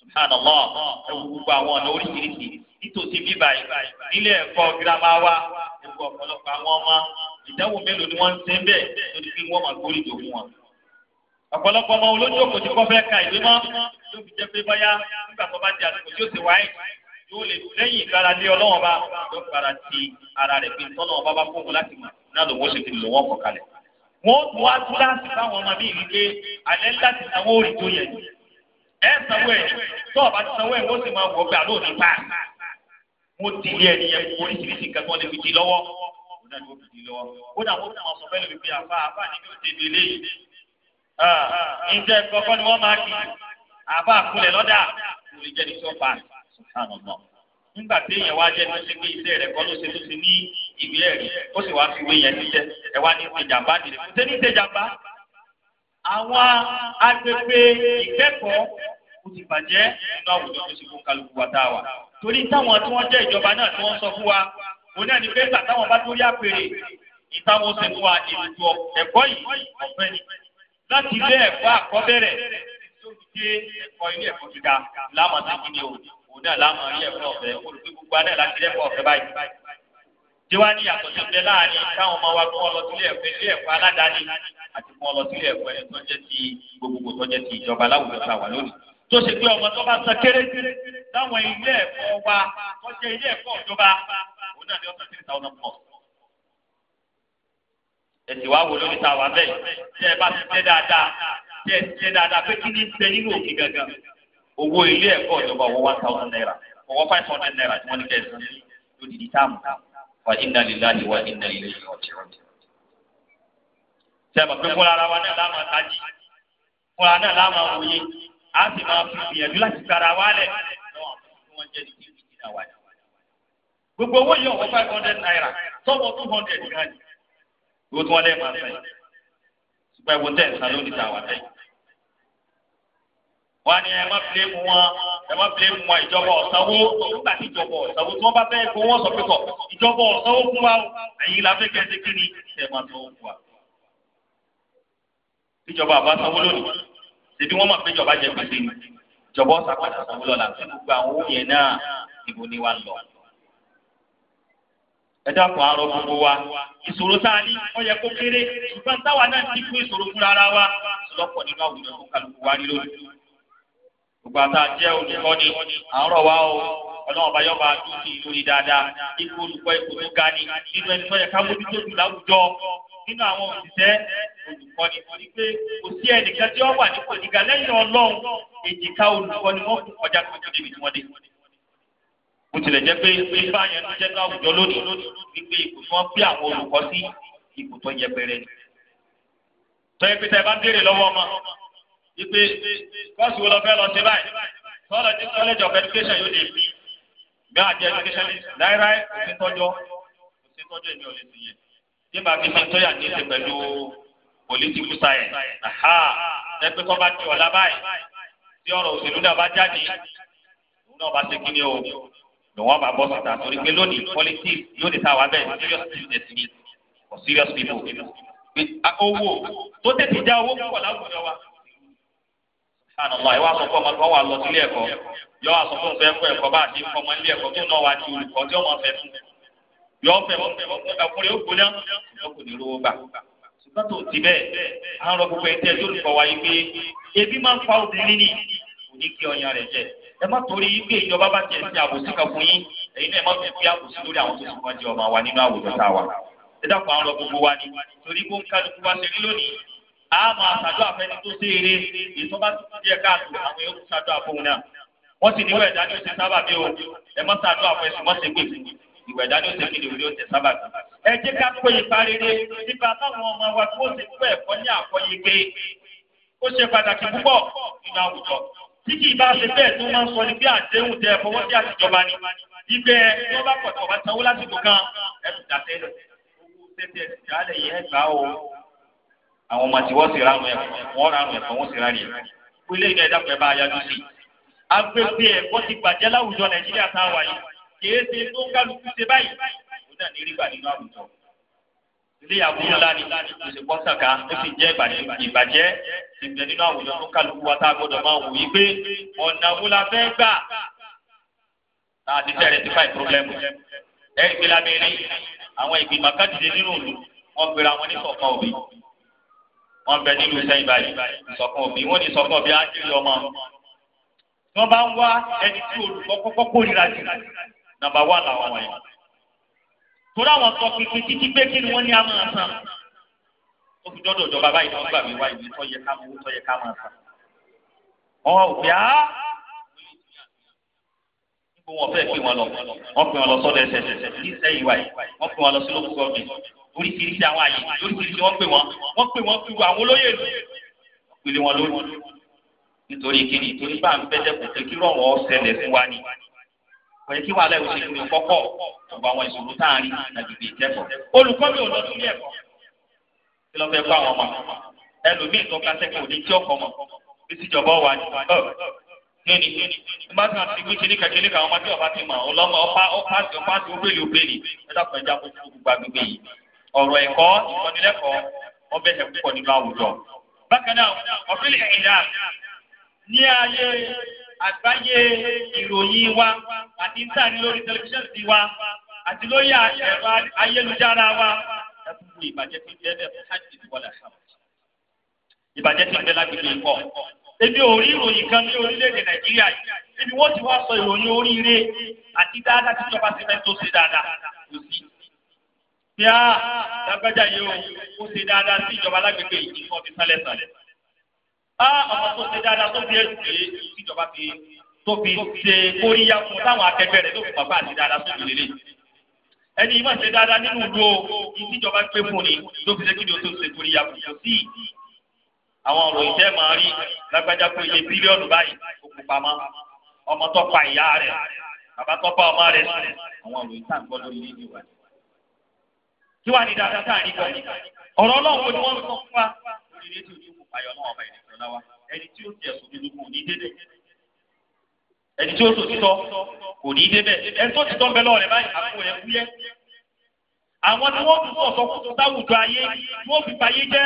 subhanallah ẹ wo gbogbo àwọn ọ̀nà oríṣiríṣi nítòsí bíbá yìí nílé ẹ̀kọ́ girama wa gbogbo ọ̀pọ̀lọpọ̀ àwọn ọmọ ìdáwò mélòó ni wọ́n ń ṣe bẹ́ẹ̀ lórí pé wọ́n máa gbóríjò fún ọ̀pọ̀lọpọ̀ ọmọ olójókòó tí kò fẹ́ ka ìwé mọ́ yóò fi jẹ́ pé báyá nígbà tó bá di àsìkò yóò ti wáyé yóò lè lẹ́yìn ìgbáralé ọlọ́wọ́n bá yóò gbára ti ara rẹ̀ pé tọ́lọ́wọ́n bá bá fóun láti mọ̀ náà lòun ó sì fi lò wọ́n kọ̀kalẹ̀. wọ́n tún wá tún láti fáwọn ọmọ mi wípé alẹ́ láti sanwó orí tó yẹ ẹ sanwó ẹ tó ọba ti sanwó ẹ wọ́n sì máa wọ̀ gbà lóòótọ́ pa. mo ti rí ẹni yẹn fún oríṣiríṣi nǹkan tí wọ́n lè fi di lọ́wọ́ kódà wọ́n fi di lọ́wọ́ kódà wọ́n fi ǹjẹ́ kọ́kọ́ ni wọ́n máa kì í àbá àkúlẹ̀ lọ́dà lórí jẹ́ni tó bá subhanallah nígbà tí èèyàn wá jẹ́ tó ṣe pé iṣẹ́ rẹ̀ kọ́ ló ṣe tó ṣe ní ìwé ẹ̀rí ó sì wáá fi wé yẹn níṣẹ́ ẹ̀ wá ní ìjàmbá nìyẹn kò tẹ́ ní ìjàmbá. àwọn agbègbè ìkẹ́kọ̀ọ́ kò ti bàjẹ́ nínú àwùjọ tó ṣe fún kálukú wa tá a wà. torí táwọn tí wọ́n jẹ́ ìjọba náà tí wọ́n sọ fún wa òun ní pé gbà táwọn bá tó àpèrè ìtàwọn ṣe fún wa ètò ẹ̀kọ́ yìí ọ̀fẹ́ ni láti ilé ẹ̀kọ́ àkọ́bẹ̀rẹ̀ tó fi dé ẹ̀kọ́ ilé ẹ̀kọ́ gíga láàmú àtàkùn ni o òun náà láàmú ilé ẹ̀kọ́ ọ̀fẹ́ olùgbé gbogbo alẹ́ láti ilé ẹ̀kọ́ ọ̀fẹ́ báyìí. Jíwá ní yàtọ̀ sí ọ̀fẹ́ láàrin káwọn ọmọ wa kún ọ lọ sí ilé ẹ̀kọ́ ilé ẹ̀kọ́ aládàáni àti kún ọ lọ sí ilé ẹ̀kọ́ ẹni tó jẹ́ ti gbogbogbò tó jẹ́ ti ìjọba láwùjọ tá a wà lónìí. Tó ṣe pé ọmọ tó bá san kéré láwọn ilé ẹ̀kọ́ wa tó jẹ́ ilé ẹ̀kọ́ ìjọba òun náà ni ọ̀sán ẹ̀sìn wa wò lórí ta wà bẹ́ẹ̀ tẹ́ ẹ bá ti tẹ́ dáadáa tẹ́ ẹ ti tẹ́ dáadáa pé kí ni ń nínú òkè gangan owó ilé ẹ̀kọ́ ìjọba owó one thousand naira owó five hundred naira tí wọ́n ní kẹ́ ẹ̀ sàn lódì táàmù wa inna lillahi wa inna ilayhi raji'un. sẹ́ẹ̀ mọ̀ pé fúnra ara wa náà láàmú àtàjì fúnra náà láàmú àwòye a sì máa fi gbìyànjú láti gbára wa lẹ̀ gbogbo owó yìí ọ̀wọ́ five hundred naira tọ́wọ́ two hundred naira owó tí wọ́n lẹ́ẹ̀ máa sàn yìí ṣùgbọ́n ẹ̀wọ̀n tẹ̀ sàn lónìí tàwa tẹ̀ yìí. wọ́n á ní ẹ má fi léèmù wọn ẹ má fi léèmù wọn ìjọba ọ̀sánwó nígbà tí ìjọba ọ̀sánwó tí wọ́n bá bẹ́ẹ̀ kó wọ́n sọ pé kọ̀ ìjọba ọ̀sánwó fún wa ẹ̀yin la fẹ́ kẹ́sẹ́ kí ni ẹ̀ máa sọ fún wa. ìjọba àbá sanwó lónìí ṣèbí wọ́n mọ̀ pé ìjọba jẹ gbèsè ìjọba ọ̀sán padà sanwó lọ ẹ dákun àárọ gbogbo wa ìṣòro tá a ní ó yẹ kó kéré ṣùgbọ́n táwa náà ti fún ìṣòro fúnra ara wa lọ́pọ̀ nínú àwùjọ tó kálukú wa rí lónìí gbogbo àtà jẹ́ olùkọ́ni àárọ̀ wa o ọlọ́run ọba yọba dúkì lórí dáadáa ipò olùkọ́ ipò tó ga ni nínú ẹni tó yẹ ká mójútó jù láwùjọ nínú àwọn òṣìṣẹ́ olùkọ́ni wọ́n ní pé kò sí ẹnìkan tí wọ́n wà nípò ìdíga lẹ́yìn ọlọ́run èjìká olùkọ́ni wọ́n kún kọjá kọjá débi tí wọ́n dé bó tilẹ̀ jẹ́ pé bíbá yẹn tó jẹ́ káwùjọ lónìí wípé ipò tí wọ́n gbé àwọn olùkọ́ sí ipò tó yẹ pẹrẹ ni. tọ́yẹ pété bá béèrè lọ́wọ́ ọmọ wípé kọ́ọ̀sì wo lọ fẹ́ lọ sí báyìí sọ́ọ̀lọ́ ti college of education yóò lè fi bí wọ́n á jẹ́ educationist láíláí kò sí tọ́jọ́ kò sí tọ́jọ́ èmi ò lè sì yẹ. bí màá fi tọ́yà ní ìṣe pẹ̀lú political science ẹ pé ti ọ̀la báyìí tí ọ̀rọ̀ òṣèlú náà bá jáde náà bá ṣe kí ni o ni wọ́n bá bọ́ síta torí pé lónìí politics lónìí táwa bẹ́ẹ̀ serious business ni for serious people owó tó tètè já owó púpọ̀ láwùjọ wa sànàmọ́ ẹ wá sọ fún ọmọ tó wà lọ sílé ẹ̀kọ́ yọ wá sọ fún fẹ́ fún ẹ̀kọ́ bá àti ọmọ ilé ẹ̀kọ́ tó náà wá di olùkọ́ tí ọmọ fẹ́ fún yọ fẹ́ ọkùnrin ó gbóná ṣùgbọ́n kò ní rówó gbà ṣùgbọ́n tó ti bẹ́ẹ̀ à ń rọ gbogbo ẹ̀ tẹ́ lórúkọ wa yìí pé ebi máa ń fa obìnrin ní kò ẹ má torí pé ìjọba bá tiẹ̀ sí àbòsí kan fún yín èyí náà ẹ má fi fi àbòsí lórí àwọn tó sì wá jẹ ọmọ wa nínú àwùjọ tá a wà ẹ dàpọ̀ àwọn ọgbogbo wa ni torí pé ó ń kálukú wa ṣe rí lónìí a máa ṣàdó àfẹni tó ṣe eré ètò bá tuntun díẹ̀ káàtó àwọn yòókù ṣàdó àfọwọ́ náà wọ́n sì níwẹ̀ ìdání ó ti sábà bí o ẹ má ṣàdó àfẹsùn mọ́ ṣe pé tí kì í bá ṣe bẹ́ẹ̀ tó máa ń sọ ni pé àdéhùn tẹ fọwọ́ sí àtijọba ni ibẹ̀ tó bá pọ̀ tó bá sanwó lásìkò kan ẹ̀sùn dàtẹ́ lọ. owó tẹ́tẹ́ ìdálẹ̀ yẹn gbà ó àwọn ọmọ tí wọ́n sì ránu ẹ̀fọ́ wọ́n ránu ẹ̀fọ́ wọ́n sì ránu ẹ̀fọ́ pélé ìgbà ẹ̀dá pẹ̀lú ayájú sí i. agbègbè ẹ̀kọ́ ti bàjẹ́ láwùjọ Nàìjíríà táwa yìí kì í ṣe tó kálukú ṣe báyìí ó dà ní rí gbà nínú àwùjọ ilé àbúrò ńlá ni kò sì pọ́n sàkà ó sì jẹ́ ìbàjẹ́ ìbẹ̀ nínú àwùjọ tó kálukú wa tá a gbọ́dọ̀ máa wò yí pé ọ̀nà wo la fẹ́ gbà láti fẹ́ rectify problem ẹ̀ ìgbé lábẹ́rẹ́ àwọn ìgbìmọ̀ kájíde nínú òlu wọ́n pera wọn ní sọ̀kan òbí wọ́n bẹ nílùú sẹ́yìn báyìí sọ̀kan òbí wọ́n ní sọ̀kan òbí ájírí ọmọ tí wọ́n bá ń wá ẹni tí olùkọ́ kọ́kọ́ kórìíra jù nàbà wà làwọn wọ̀nyí torí àwọn sọ pínpín títí pé kí ni wọ́n ní a máa san ó fi dọ́dọ̀ ìjọba báyìí wọ́n gbà mí wá ìwé tó yẹ ká mú tó yẹ ká máa san ọwọ́ òfin á níbo wọn fẹ́ pé wọn lọ wọn pè wọn lọ sọ́dọ̀ ẹsẹ̀ ẹsẹ̀ ní sẹ́yìn wáyé wọn pè wọn lọ sí lókùn gọ́ọ̀mì oríṣiríṣi àwọn àyè oríṣiríṣi wọn pè wọn wọn pè wọn fi àwọn olóyè lù wọn pèlè wọn lórí nítorí kíni nítorí bá ń bẹ́ẹ̀ dẹ́kun pé kí rọ̀rùn ọ̀ ṣẹlẹ̀ fún wa ni pẹ̀lú kí wàhálà ìwé ṣètò ìkọ́kọ́ gbogbo àwọn ìṣòro táàrin nàgbègbè ìjẹ́kọ̀. olùkọ́ mi ò lọ sílé ẹ̀kọ́ kí ló fẹ́ kọ́ àwọn ọmọ ẹlòmíì tó ká sẹ́kọ̀ òní tí ọkọ̀ mọ̀ bí síjọba wà ní kíni ìgbà tí wọn ti wí kíní kan kíní kan ọmọ tí ọba ti mọ ọlọmọ ọpa ọpa ti ọpa ti ọgbẹlẹ ọgbẹlẹ ẹ̀dá kan ẹja kó fún gbogbo yìí ọ̀rọ̀ ẹ̀kọ́ ìkọ́nilẹ́kọ̀ọ́ ọbẹ ẹ púpọ̀ nínú àwùjọ. bákan náà ọfíìlì ìlà ní ayé àgbáyé ìròyìn wa àti ń tàn lórí tẹlifíṣàn sí wa àti lórí ẹ̀rọ ayélujára wa ẹkún wo ìbàjẹ́ tó jẹ́ bẹ́ẹ̀ fún hajj wọlé àṣàmù ìbàjẹ́ tó jẹ́ lágbègbè ńkọ. ebi ò rí ìròyìn kan ní orílẹ̀-èdè nàìjíríà yìí ebi wọ́n ti wá sọ ìròyìn oríire àti dáadáa tí ìjọba ti fẹ́ tó ṣe dáadáa kò sí. bí a lágbájá yìí ó ṣe dáadáa sí ìjọba lágbègbè yìí kí wọ́n fi sálẹ̀ sálẹ̀ á ọmọ tó ṣe dáadáa tó fi ẹsùn lé ìjọba fi tó fi ṣe kóríyá fún táwọn akẹgbẹ́ rẹ̀ tó fi pàpà àti dáadáa tó fi lélẹ̀ ẹni ìmọ̀ ṣe dáadáa nínú ìlú o ìjọba gbé fún ni tó fi ṣe kí ni o tó ṣe kóríyá fún yóò sí àwọn ọ̀rọ̀ ìṣe máa rí lágbájá pé iye bílíọ̀nù báyìí kò kó pamọ́ ọmọ tó pa ìyá rẹ̀ bàbá tó pa ọmọ rẹ̀ sílẹ̀ àwọn ọ̀rọ̀ ìṣe àgbọ̀ lórí ilé ìwà ni. wàá ní dáadáa sáà ìpayọ̀ náà ọba ìdíkọ̀ láwa ẹni tí ó jẹ òdodo kò ní débẹ̀ ẹni tí ó sọ títọ́ kò ní débẹ̀ ẹni tó títọ́ bẹ lọ́ọ̀rẹ́ báyìí àpò rẹ̀ wúyẹ́ àwọn tí wọ́n tún sọ̀tọ̀ kó tó sáwùjọ ayé tí wọ́n fi payé jẹ́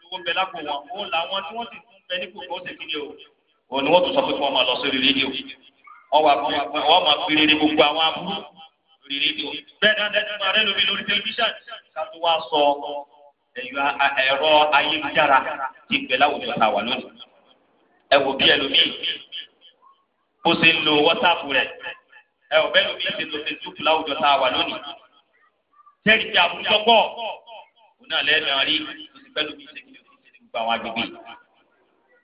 lówó bẹ lápò wọn ó làwọn tí wọ́n ti tún bẹ nípò kó ṣe kíni o òun ni wọ́n tún sọ pé kí wọ́n máa lọ sórí rédíò wọ́n máa fi rere gbogbo àwọn aburú lórí rédíò bẹ́ẹ̀ náà lẹ́nu ẹ̀rọ ayélujára ti gbẹ láwùjọ ta wà lónìí ẹ wò bí ẹlòmíì bó ṣe ń lo wọ́sáàpù rẹ̀ ẹ wò bẹ́ẹ̀ lómi ṣe lo facebook láwùjọ ta wà lónìí tẹ́lì tí àwùjọ pọ̀ òun náà lẹ́nu àrí tó ti bẹ́ẹ̀ lómi ṣe kí ló ti ṣe gbogbo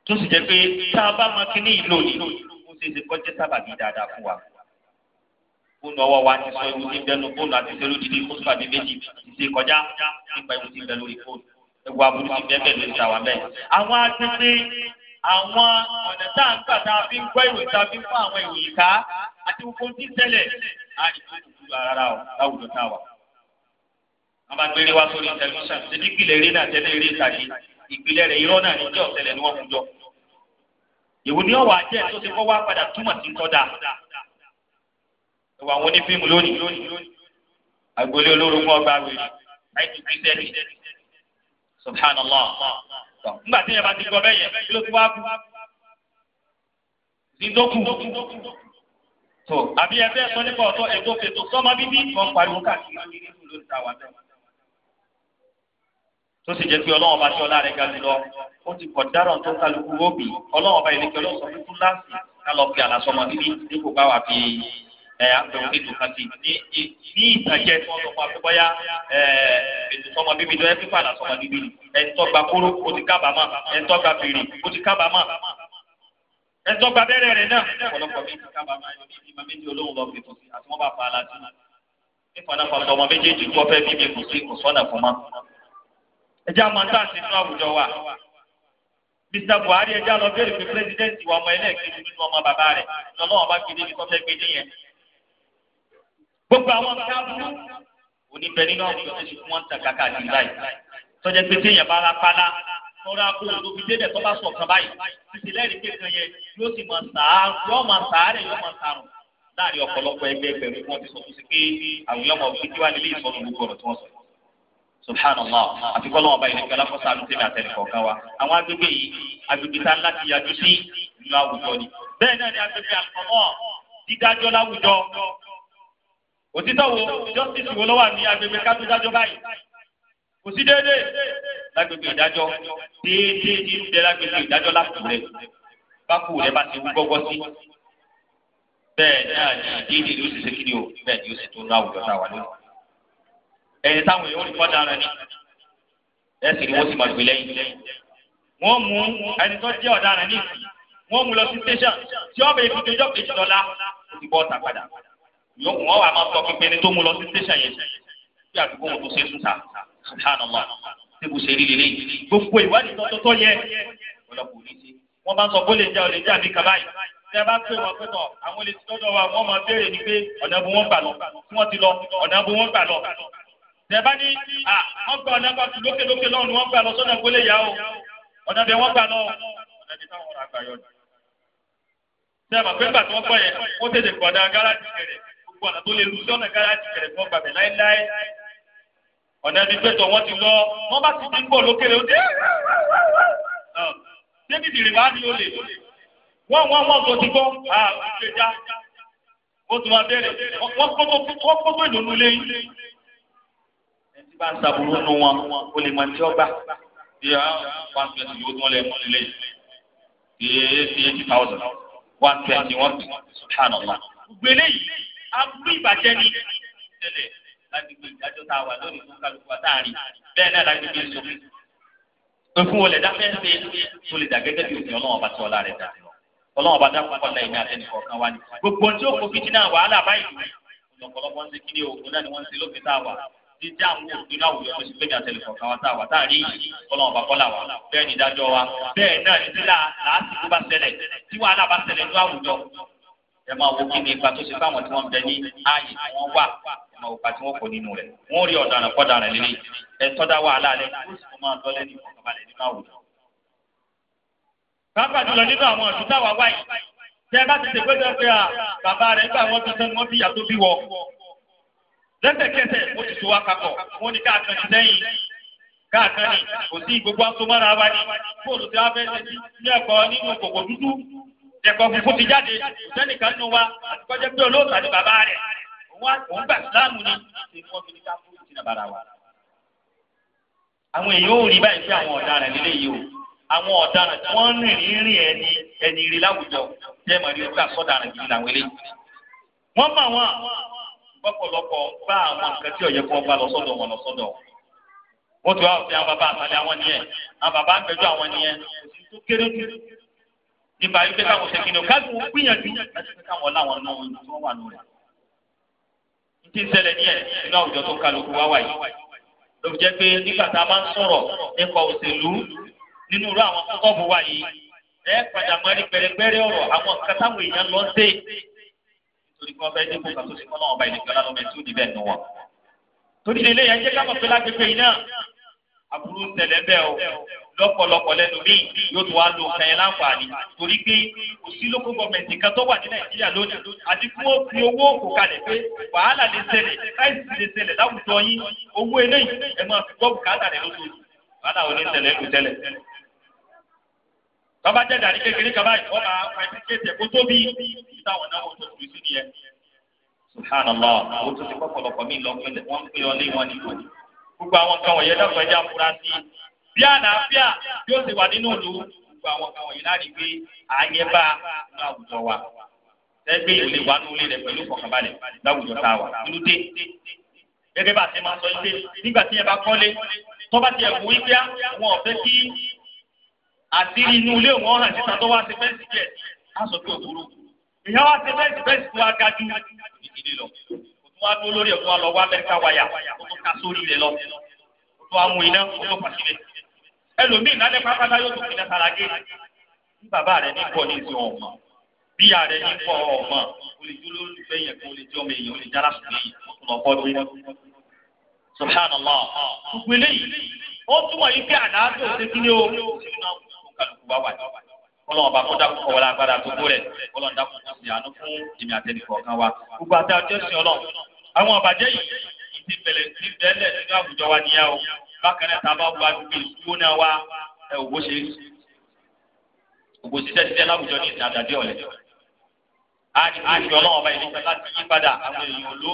tó sì jẹ́ pé tá a bá máa kí ní ìlò yìí ó ṣe é ṣe kọjá sábàbí dáadáa fún wa fóònù ọwọ́ wa ti sọ ewu tí ń bẹ nu fóònù àti sẹ́lú dídí fóònù àbí méjì ti kọjá nípa ewu tí ń bẹ lórí fóònù ewu aburú ti bẹ́ẹ̀ bẹ́ẹ̀ lórí tàwa bẹ́ẹ̀. àwọn akéde àwọn ọ̀nà tá à ń gbà tá a fi ń gbọ́ ìròyìn tá a fi ń fún àwọn ìròyìn ká àti gbogbo tí tẹ́lẹ̀ á rí fóònù dúró rárá o láwùjọ tá a wà. wọ́n bá gbére wá sórí tẹlifíṣàn ṣe ní ìpìlẹ̀ eré náà tẹ́lẹ̀ eré ìtàgé ìpìlẹ̀ rẹ̀ irọ́ náà ní jẹ́ ọ̀tẹ̀lẹ̀ ni wọ́n mú jọ. ìwò ni ọ̀wà jẹ́ tó ti kọ́ wá padà túmọ̀ sí ń tọ́ da ìwà àwọn onífíìmù lónìí agboolé olórogún ọgbà wèrè ninety percent subhanallah nígbà tí yẹn bá ti gbọ́ bẹ́ẹ̀ yẹn kí ló ti wá kú ìdókù tó àbí ẹgbẹ́ ẹ̀sọ́ nípa ọ̀tọ̀ ẹ̀gbọ́n fètò sọ́mọ bíbí kan pariwo káàkiri lórí ta wà bẹ́ẹ̀ tó sì jẹ́ pé ọlọ́wọ́n bá ṣe ọlá rẹ̀ ga jùlọ ó ti pọ̀ dáràn tó kálukú wóbi ọlọ́wọ́n bá ìlẹ́kẹ́ ọlọ́sọ̀ fún túláàsì ká fi àlàsọmọ bíbí dípò báwa fi ẹ àpẹ òkè tó kàn sí ní ní ìtàjẹ tí wọn sọ fún abẹ́bọ́yá ẹ ètò sọmọ bíbí lọ ẹ fífà là sọmọ bíbí ni ẹ̀ńtọ́ gba kóró ó ti kábàámọ̀ ẹ̀ńtọ́ gba fèrè ó ti kábàámọ̀ ẹ̀ńtọ́ gba bẹ́rẹ̀ rẹ̀ náà ọ̀pọ̀lọpọ̀ mi ti kábàámọ̀ ìmọ̀ méjì olóhùn lọ fètò sí àti wọ́n bá fa aláàtì nípa náà fàtọ́ ọmọ méjèèjì tó fẹ́ bíbí kò sí kò sọ́nà fún ma. ẹ jẹ́ àmọ́ tá à sí inú àwùjọ wa Mr. Buhari ẹ jẹ́ àlọ́ bẹ́ẹ̀rẹ̀ pé pírẹ́sidẹ́ǹtì wa ọmọ ẹlẹ́ẹ̀kejì nínú ọmọ bàbá rẹ̀ lọ́lọ́wọ́n bá kéde ní kọ́fẹ́ gbé níyẹn gbogbo àwọn káàbù oníbẹ nínú àwọn ọmọ ẹsùn wọn ń tàn kàkà ní báyìí tọjá pé téèyàn bá rápálá tọ́ra kó o lóbi dé dẹ̀tọ́ bá sọ̀ kan báyìí títí lẹ́rìí pé kan yẹn yóò sì máa sàárẹ̀ yóò máa sàárẹ̀ yóò máa sàrùn láàrin ọ̀pọ̀lọpọ̀ ẹgbẹ́ pẹ̀lú wọn ti sọ fún sí pé àwọn ọmọ òfin tí wà nílé ìsọ̀rọ̀ gbogbo ọ̀rọ̀ tí wọ́n sọ subhanallah àti kọ́ lọ́wọ́ báyìí nígbà láfọ́ sáà lùtẹ́mi àtẹnìkọ̀ kan wa àwọn agbègbè yìí agbègbè tá ńlá ti yàjú sí ìlú àwùjọ ni bẹ́ẹ̀ náà ni agbègbè àkọ́mọ́ dídájọ́ láwùjọ òtítọ́ wo justice wo ló wà ní agbègbè kájú dájọ́ báyìí kò sí déédéé lágbègbè ìdájọ́ déédéé ní ìdẹ lágbègbè ìdájọ́ lákùrẹ́ bákù rẹ bá ti wú gbọ́gbọ́ sí bẹ́ẹ̀ náà ní déédéé ló sì ṣe kíni o bẹ́ẹ̀ ni ó sì tún láwùjọ náà wà lónìí. ẹ̀yìn táwọn èèyàn olùkọ́ dára ni ẹ̀ sì ni wọ́n sì máa gbé lẹ́yìn wọ́n mú ẹni tó jẹ́ ọ̀daràn ní ìsìn wọ́n mú lọ sí tẹ̀sán tí ọ wọ́n wà máa sọ pípẹ́ ní tó mú lọ sí tẹ̀sán yẹn bí àdúgbò wọn tó ṣe sùn ta subhanallah síbu ṣe rí lélẹ́yìn gbogbo ìwádìí tọ́tọ́tọ́ yẹ ọ̀pọ̀lọpọ̀ ní ṣe wọ́n bá ń sọ bólè jẹ́ olè jẹ́ àbí kàbáyì tí a bá pè wọ́n pé tọ̀ àwọn olè ti tọ́jọ́ wa wọ́n máa béèrè ní pé ọ̀nà bu wọn gbà lọ tí wọ́n ti lọ ọ̀nà bu wọn gbà lọ. tẹ̀bá ní à wọ́n gba ọ̀nà bá lókè lókè lọ́run ni wọ́n gbà lọ sọ́nà gbólé yà ó ọ̀nà bẹ wọ́n gbà lọ ọ̀nà bí táwọn àgbà yọ ni. tẹ̀bá pé gbà tí wọ́n gbọ́ yẹn ó tètè gbogbo ọ̀nà tó lè lu sí ọ̀nà gáràjì kẹ̀rẹ̀ fún ọgbà láéláé ọ̀nà ẹni pẹ́tọ̀ wọ́n ti lọ wọ́n bá ti dín bọ̀ lókèrè ó dé débìtì rìbá ni ó lè wọ́n wọ́n tó ti gbọ́ àgbèjà ó tún máa bẹ̀rẹ̀ wọ́n kó tó ìdùnnú lẹ́yìn ẹni tí bá ń sàbùrù nù wọn ó lè máa ti ọgbà yíyá one twenty yóò tún lè mú ilé yìí yíyá eighty thousand one twenty one subhanallah gbogbo eléyìí aburú ìbàjẹ́ ni tẹ́lẹ̀ lágbègbè ìdájọ́ tá a wà lórí fún kálukú àtàrí bẹ́ẹ̀ náà lágbègbè ìsòfin pé fún olè dáfẹ́ ṣe tó lè dà gẹ́gẹ́ bí òfin ọlọ́wọ́n bá ti ọ̀la rẹ̀ dà ọlọ́wọ́n bá dákun kọ́lá ìní àtẹnìkọ̀ kan wá ní gbogbo tí ó kó fi dínà wàhálà báyìí ọ̀pọ̀lọpọ̀ ń ṣe kí ni òògùn náà ni wọ́n ń ṣe lófin tá a wà jíjá àwọn òfin láwùjọ tó ṣe péjà tẹlifọ káwa tá a wà táàrí ọlọ́run bá kọlà wa bẹ́ẹ̀ ni ìdájọ́ wa bẹ́ẹ̀ náà ní sílá làásìkò bá ṣẹlẹ̀ tí wàhálà bá ṣẹlẹ̀ ní àwùjọ ẹ máa wo kí ni ipa tó ṣe fáwọn tí wọ́n bẹ ní ààyè tí wọ́n wà ẹ máa wo ipa tí wọ́n kò nínú rẹ̀ wọ́n rí ọ̀daràn kọ́daràn lélẹ̀ ẹ tọ́da wàhálà rẹ̀ wọ́n máa dọ́lẹ̀ ní ìfọ̀kànbalẹ̀ nínú àwùjọ. pápá jùlọ nínú àwọn ọ̀dún táwa wáyé tẹ bá ti ṣègbè tó fẹ́ à bàbá rẹ̀ nígbà wọn ti sẹ́ni wọ́n fi yàtọ̀ bí wọ. lẹ́sẹ̀kẹsẹ̀ ó ti so wa papọ̀ wọ́n ní káàkan ní sẹ́yìn káàkan ní kò sí gbogbo asomọ́ra wa ní bóòlù tí wọ́n fẹ́ ṣe ní ẹ̀kọ́ nínú kòkò dúdú ẹ̀kọ́ funfun ti jáde sẹ́nìkan nù wa àtikọ́jẹ́ pé olóòtú àti bàbá rẹ̀ òun gbà síláàmù ni ṣe fún ọkùnrin ká fún ìtìnà bàrà wa. àwọn èèyàn ò rí báyìí pé àwọn ọ̀daràn nílé yìí o àwọn ọ̀daràn tí wọ́n rìn rírìn ẹni ẹni rí láwùjọ jẹ́ mọ̀ ní ojú àsọ̀daràn gidi làwọn eléyìí. wọ́n mọ̀ wọn ọ̀pọ̀lọpọ̀ bá àwọn nǹkan tí ọ̀yẹ́ kọ́ bá lọ sọ́dọ̀ wọn lọ sọ́dọ̀ wọn wọ́n ti wá òfin àwọn bàbá àtàlẹ́ àwọn nìyẹn àwọn bàbá àgbẹ̀jọ́ àwọn nìyẹn tó kéré jù nípa wípé káwọn ṣe kíni o káàdì wọn gbìyànjú láti fi káwọn láwọn náà wọn tí wà lórí. n ti ṣẹlẹ̀ ní ẹ̀ nínú àwùjọ tó kálukú wá wáyé ló fi jẹ́ pé nígbà tá a máa ń sọ̀rọ̀ nípa òṣèlú nínú irú àwọn kọ́ọ̀bù wa ẹ padà máa rí pẹ̀rẹ̀pẹ̀rẹ̀ ọ̀rọ̀ àwọn kan èèyàn lọ sí torí kí wọ́n fẹ́ dínkù kàtó sí fọ́nà ọba ìlẹ̀kẹ́ lọ́pọ̀lọpọ̀ lẹ́nu míì yóò tún wá lo nǹkan yẹn láǹfààní torí pé kò sí lóko gọọmenti kan tó wà ní nàìjíríà lónìí àti fún òfin owó kò kalẹ̀ pé wàhálà lè ṣẹlẹ̀ káìsì lè ṣẹlẹ̀ láwùjọ yín owó eléyìí ẹ máa fi gbọ́ bùkátà rẹ̀ lóṣooṣù wàhálà ò ní ṣẹlẹ̀ lù tẹ́lẹ̀. bàbá jẹ́ dàrí kékeré kaba ìfọ́ máa kéde kó tóbi ìtàwọn náà wọ́n tó tù sí nìyẹn. subhanallah àwọn tó ti kọ́kọ́lọ́kọ́ mi lọ pé wọ́n ń pè ọ lé wọn bí àlàáfíà yóò ti wà nínú ìlú gbogbo àwọn kan wọ̀nyí láti gbé ààyè bá inú àwùjọ wa ẹgbẹ́ ìlú wa ní olè rẹ̀ pẹ̀lú ìfọ̀kànbalẹ̀ láwùjọ tá a wà inú dé gẹ́gẹ́ bá a ti máa sọ ilé nígbà tí yẹn bá kọ́lé tó bá tiẹ̀ wù wípé àwọn ọ̀fẹ́ kí àtìrí inú ilé wọn hàn síta tó wá sí fẹ́ǹsì jẹ̀ á sọ pé òwúrò ìyá wa sí fẹ́ǹsì fẹ́ǹsì tó wá ga jù ìdílé lọ kò tún wá dúró lórí ẹ̀kọ́ wa lọ wá mẹ́ríkà wáyà kó tó ká sórí rẹ̀ lọ kó tó wá mú iná kó tó pàṣẹ ẹlòmíì lálẹ́ pápátá yóò tún kílẹ̀ sára gé ní bàbá rẹ̀ ní kọ́ ní ìsìn ọ̀mọ̀ bíyà rẹ̀ ní kọ́ ọ̀mọ̀ olùdúró olùfẹ́ yẹn kó olè jẹ́ ọmọ èèyàn olè jára sùn yìí ọ̀nà ọ̀bọ̀dún subhanallah gbogbo eléyìí ó túmọ̀ yìí pé àdáàtò ṣe kí ni o ọlọ́run ọba kó dákun kọ̀wé lágbára gbogbo rẹ̀ ọlọ́run dákun kó sì àánú fún èmi àtẹnìkọ̀ọ̀kan wa gbogbo àti àjọṣin ọlọ́run àwọn ọ̀bàjẹ́ yìí ti bẹ̀rẹ̀ sí bẹ́ẹ̀lẹ̀ nínú àwùjọ wa níyà bákan náà tábà wá gbogbo ìṣúwó náà wá ẹ òwò ṣe rí òwò ṣiṣẹ́ ṣiṣẹ́ láwùjọ ní ìsìn àdàdé ọ̀lẹ́ àti ọlọ́wọ́n ọba ìlú láti yí padà àwọn èèyàn ló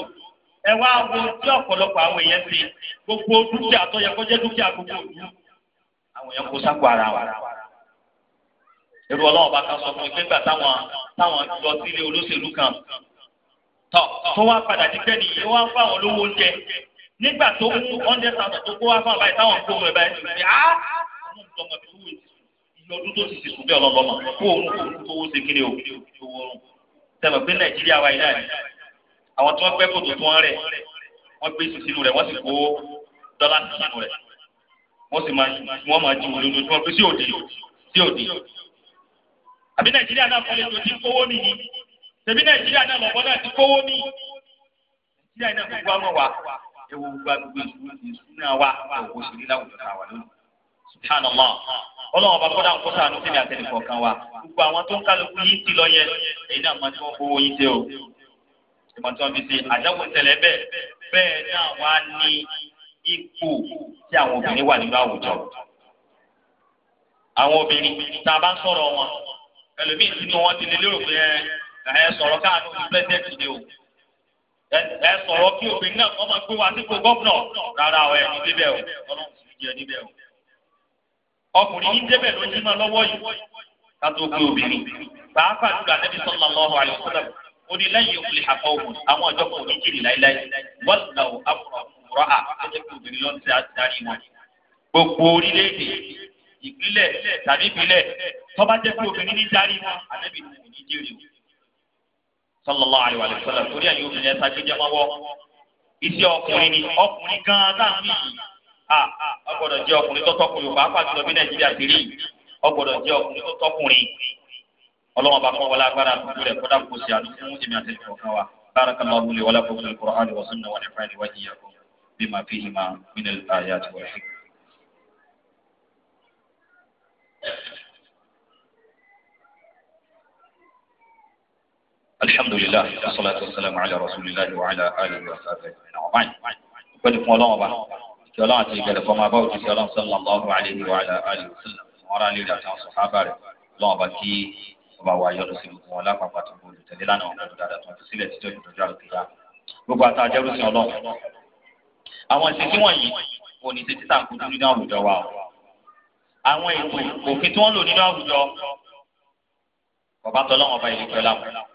ẹ wá wo tí ọ̀pọ̀lọpọ̀ àwọn èèyàn ṣe gbogbo dúkìá tó yẹ kó jẹ́ dúkìá gbogbo òdu àwọn èèyàn kó sápò ara wa èrò ọlọ́wọ́n bá kan sọ fún mi pé gbà táwọn táwọn lọ sílé olóṣèlú kan tó wá padà dípẹ́ nìyí wá ń fáwọn olówó oúnjẹ nígbà tó mú hundred thousand tó kó wá fún àbáyé táwọn kó rẹ̀ báyìí ṣùgbọ́n á mú ìjọba tó wù iye ọdún tó sì ti sùn bẹ́ẹ̀ lọ́lọ́mọ kó òun kó òun kówó ṣe kéde o kó òun sẹ́wọ̀ pé nàìjíríà wa yìí láàyè àwọn tí wọ́n gbẹ́ kòtò tí wọ́n rẹ̀ wọ́n gbé sùn sínú rẹ̀ wọ́n sì kó dọ́là sínú rẹ̀ wọ́n sì máa wọ́n máa ju olójoojúmọ́ pé sí òdì sí òdì àbí nàìjíríà náà kọ́lé tó ti kówó nìyí tẹ̀bí nàìjíríà náà lọ́wọ́ náà ti kówó nìyí nàìjíríà náà gbogbo àwọn wà ewu gbàgbé ìṣúná wa òwò sílẹ̀ láwùjọ náà wà lónìí subhanallah ọlọ́run ọba kọ́dà ń kó sànù sí mi àtẹnìkọ̀ kan wa gbogbo àwọn tó ń kálukú yín ti lọ yẹn èyí náà máa tí wọ́n kówó yín dé o ìmọ̀ tí wọ́n fi ṣe àdáwò tẹ̀lẹ̀ bẹ́ẹ̀ bẹ́ẹ̀ náà wá ní ipò tí àwọn obìnrin wà nínú àwùjọ àwọn obìnrin tá a bá ń sọ̀rọ̀ wọn ẹlòmíì sínú wọn ti lè lérò pé ẹ sọ̀rọ̀ káàánú pẹ́ẹ́tẹ́ẹ̀tì ni o ẹ sọ̀rọ̀ kí obìnrin náà kọ́ máa gbé wa sípò gọ́vnọ̀ rárá ẹ ní débẹ̀ o ọlọ́run sì jẹ́ débẹ̀ o. ọkùnrin yìí débẹ̀ ló jímọ̀ lọ́wọ́ yìí ká tó gbé obìnrin pàápàá jùlọ ànábì sallallahu alaihi wasallam ó ní lẹ́yìn òkùnrin àpọ̀ òun àwọn ọ̀dọ́ kò ní jìrì láéláé wọ́n lọ àkùrọ̀ à ó jẹ́ kí obìnrin lọ́n ti darí wọn. gbogbo orílẹ̀-èdè ìpínlẹ̀ tàbí ìpínlẹ̀ tó jẹ́ kí obìnrin ní sallallahu alaihi wa sallam torí àyè obìnrin ẹ̀ta gbé jẹ́mọ́ wọ́ iṣẹ́ ọkùnrin ni ọkùnrin gan-an láàmì yìí a ọgbọ́dọ̀ jẹ́ ọkùnrin tó tọkùnrin pàápàá jùlọ bí nàìjíríà ti rí ọgbọ́dọ̀ jẹ́ ọkùnrin tó tọkùnrin ọlọ́wọ́n bá fọwọ́ lágbára gbogbo rẹ̀ kọ́dà kó ṣe àdúgbò fún èmi àti ẹ̀kọ́ kan wa barakallahu li wa lakum fil qur'ani wa sunna wa nafa'ani wa iyyakum bima fihima min al-ayati wal hikma. الحمد لله والصلاة والسلام على رسول الله وعلى آله وصحبه أجمعين وبعد pẹ̀lú fún ọlọ́run ọba kí ọlọ́run àti ìgbẹ̀rẹ̀ fún ọmọ abáwò ti ṣe ọlọ́run sọ́lá ọlọ́run àlejò wà á àlejò sílẹ̀ wọn rà lè rí àtàwọn sọ̀hábà rẹ̀ ọlọ́run ọba kí ọba wa yọ̀rọ̀ sí gbogbo wọn lápapọ̀ àti gbogbo olùtẹ̀lé lánàá wọn lọ́dún dáadáa tó ń fi sílẹ̀ títọ́ ìdọ́jú àlùkìyà gbogbo àtà jẹ́rú sí ọlọ́run àwọn ìṣesí wọ̀nyí kò ní ṣe títà kúndú nínú àwùjọ wa o àwọn ètò òfin tí wọ́n lò nínú àwùjọ ọba tọ́lọ́wọ́n ọba ìlú pẹ̀lú àwọn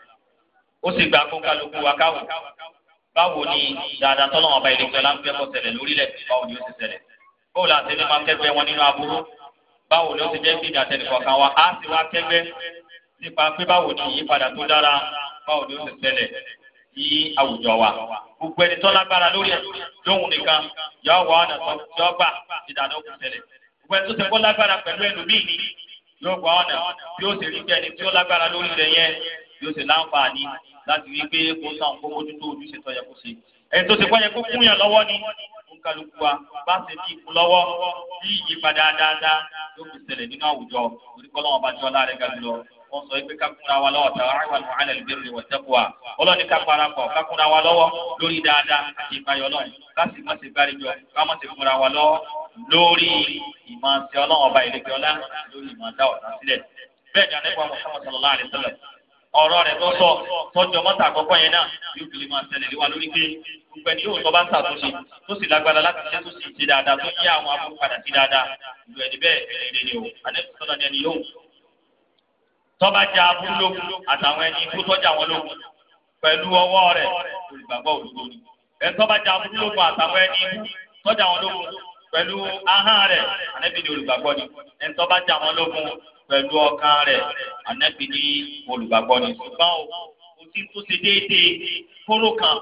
ó sì gba kó kálukú wa káwò báwo ni dáadáa tọ́lọ́ ọba ìlẹ́kọ̀ọ́ láńpẹ́ kọ́ ṣẹlẹ̀ lórílẹ̀ báwo ni ó ti ṣẹlẹ̀ báwo la ṣe ní máa kẹ́gbẹ́ wọn nínú aburú báwo ni ó ti jẹ́ kí ìdàtẹ̀nìkọ̀ kan wa á sì wá kẹ́gbẹ́ nípa pé báwo ni ìyípadà tó dára báwo ni ó ti ṣẹlẹ̀ ní àwùjọ wa gbogbo ẹni tó lágbára lórí ẹ̀ lóhun nìkan yọ wọ ọ̀nà tó yọ gbà ìdáná kù ṣẹlẹ̀ gbogbo ẹni tó ti kó lágbára pẹ̀lú ẹlòmíì ni yóò gbọ́ ọ̀nà bí ó sì rí bí ẹni tí ó lágbára lórí rẹ̀ yẹn yóò sì láǹfààní láti rí i pé kó sàn kó mójútó ojúṣe tó yẹ kó ṣe ẹni tó ṣe kọ́ yẹ kó fún yàn lọ́wọ́ ni kálukú wa bá ṣe ní ikú lọ́wọ́ ní ìyípadà dáadáa yóò fi ṣẹlẹ̀ nínú àwùjọ oríkọ́lọ́ wọn bá jọ láàrin ga jùlọ wọn sọ pé kákúnra wa lọ́wọ́ tàwọn àwọn àwọn àlẹ́ ìbéèrè rẹ̀ wọ́n tẹ́kù wa ọlọ́ni ká parapọ̀ kákúnra wa lọ́wọ́ lórí dáadáa àti ìpayọ̀ lọ́wọ́ káṣí má ṣe gbárijọ ká má ṣe fúnra wa lọ́wọ́ lórí ìmọ̀ ṣe ọlọ́wọ́ ọba ìlẹ́kẹ́ ọlá lórí ìmọ̀ dá ọ̀tá sílẹ̀ bẹ́ẹ̀ ọ̀rọ̀ rẹ̀ tó sọ tọ́jú ọmọ tà àkọ́kọ́ yẹn náà yóò fi lè máa tẹ̀lé lé wa lórí pé gbogbo ẹni yóò sọ bá ń ṣàtúnṣe tó sì lágbára láti ṣe tó sì ṣe dáadáa tó yí àwọn abúlé padà sí dáadáa ìlú ẹni bẹ́ẹ̀ ẹ̀rẹ̀ ni o àdẹ́sí sọ́dọ̀ ni ẹni yóò tọ́ba jẹ abúlé lógun àtàwọn ẹni ikú tọ́jà wọn lógun pẹ̀lú ọwọ́ rẹ̀ olùgbàgbọ́ òdodo ni ẹ̀ tọ́ba jẹ abúlé lógun àtàwọn ẹni ikú tọ́jà wọn lógun pẹ̀lú ahọ́n rẹ̀ ànẹ́bí ni olùgbàgbọ́ ni ẹ̀ tọ́ba jẹ pẹ̀lú ọkàn rẹ̀ ànábì ní olùgbàgbọ́ ni ṣùgbọ́n o kò sí ṣe déédéé kóró kan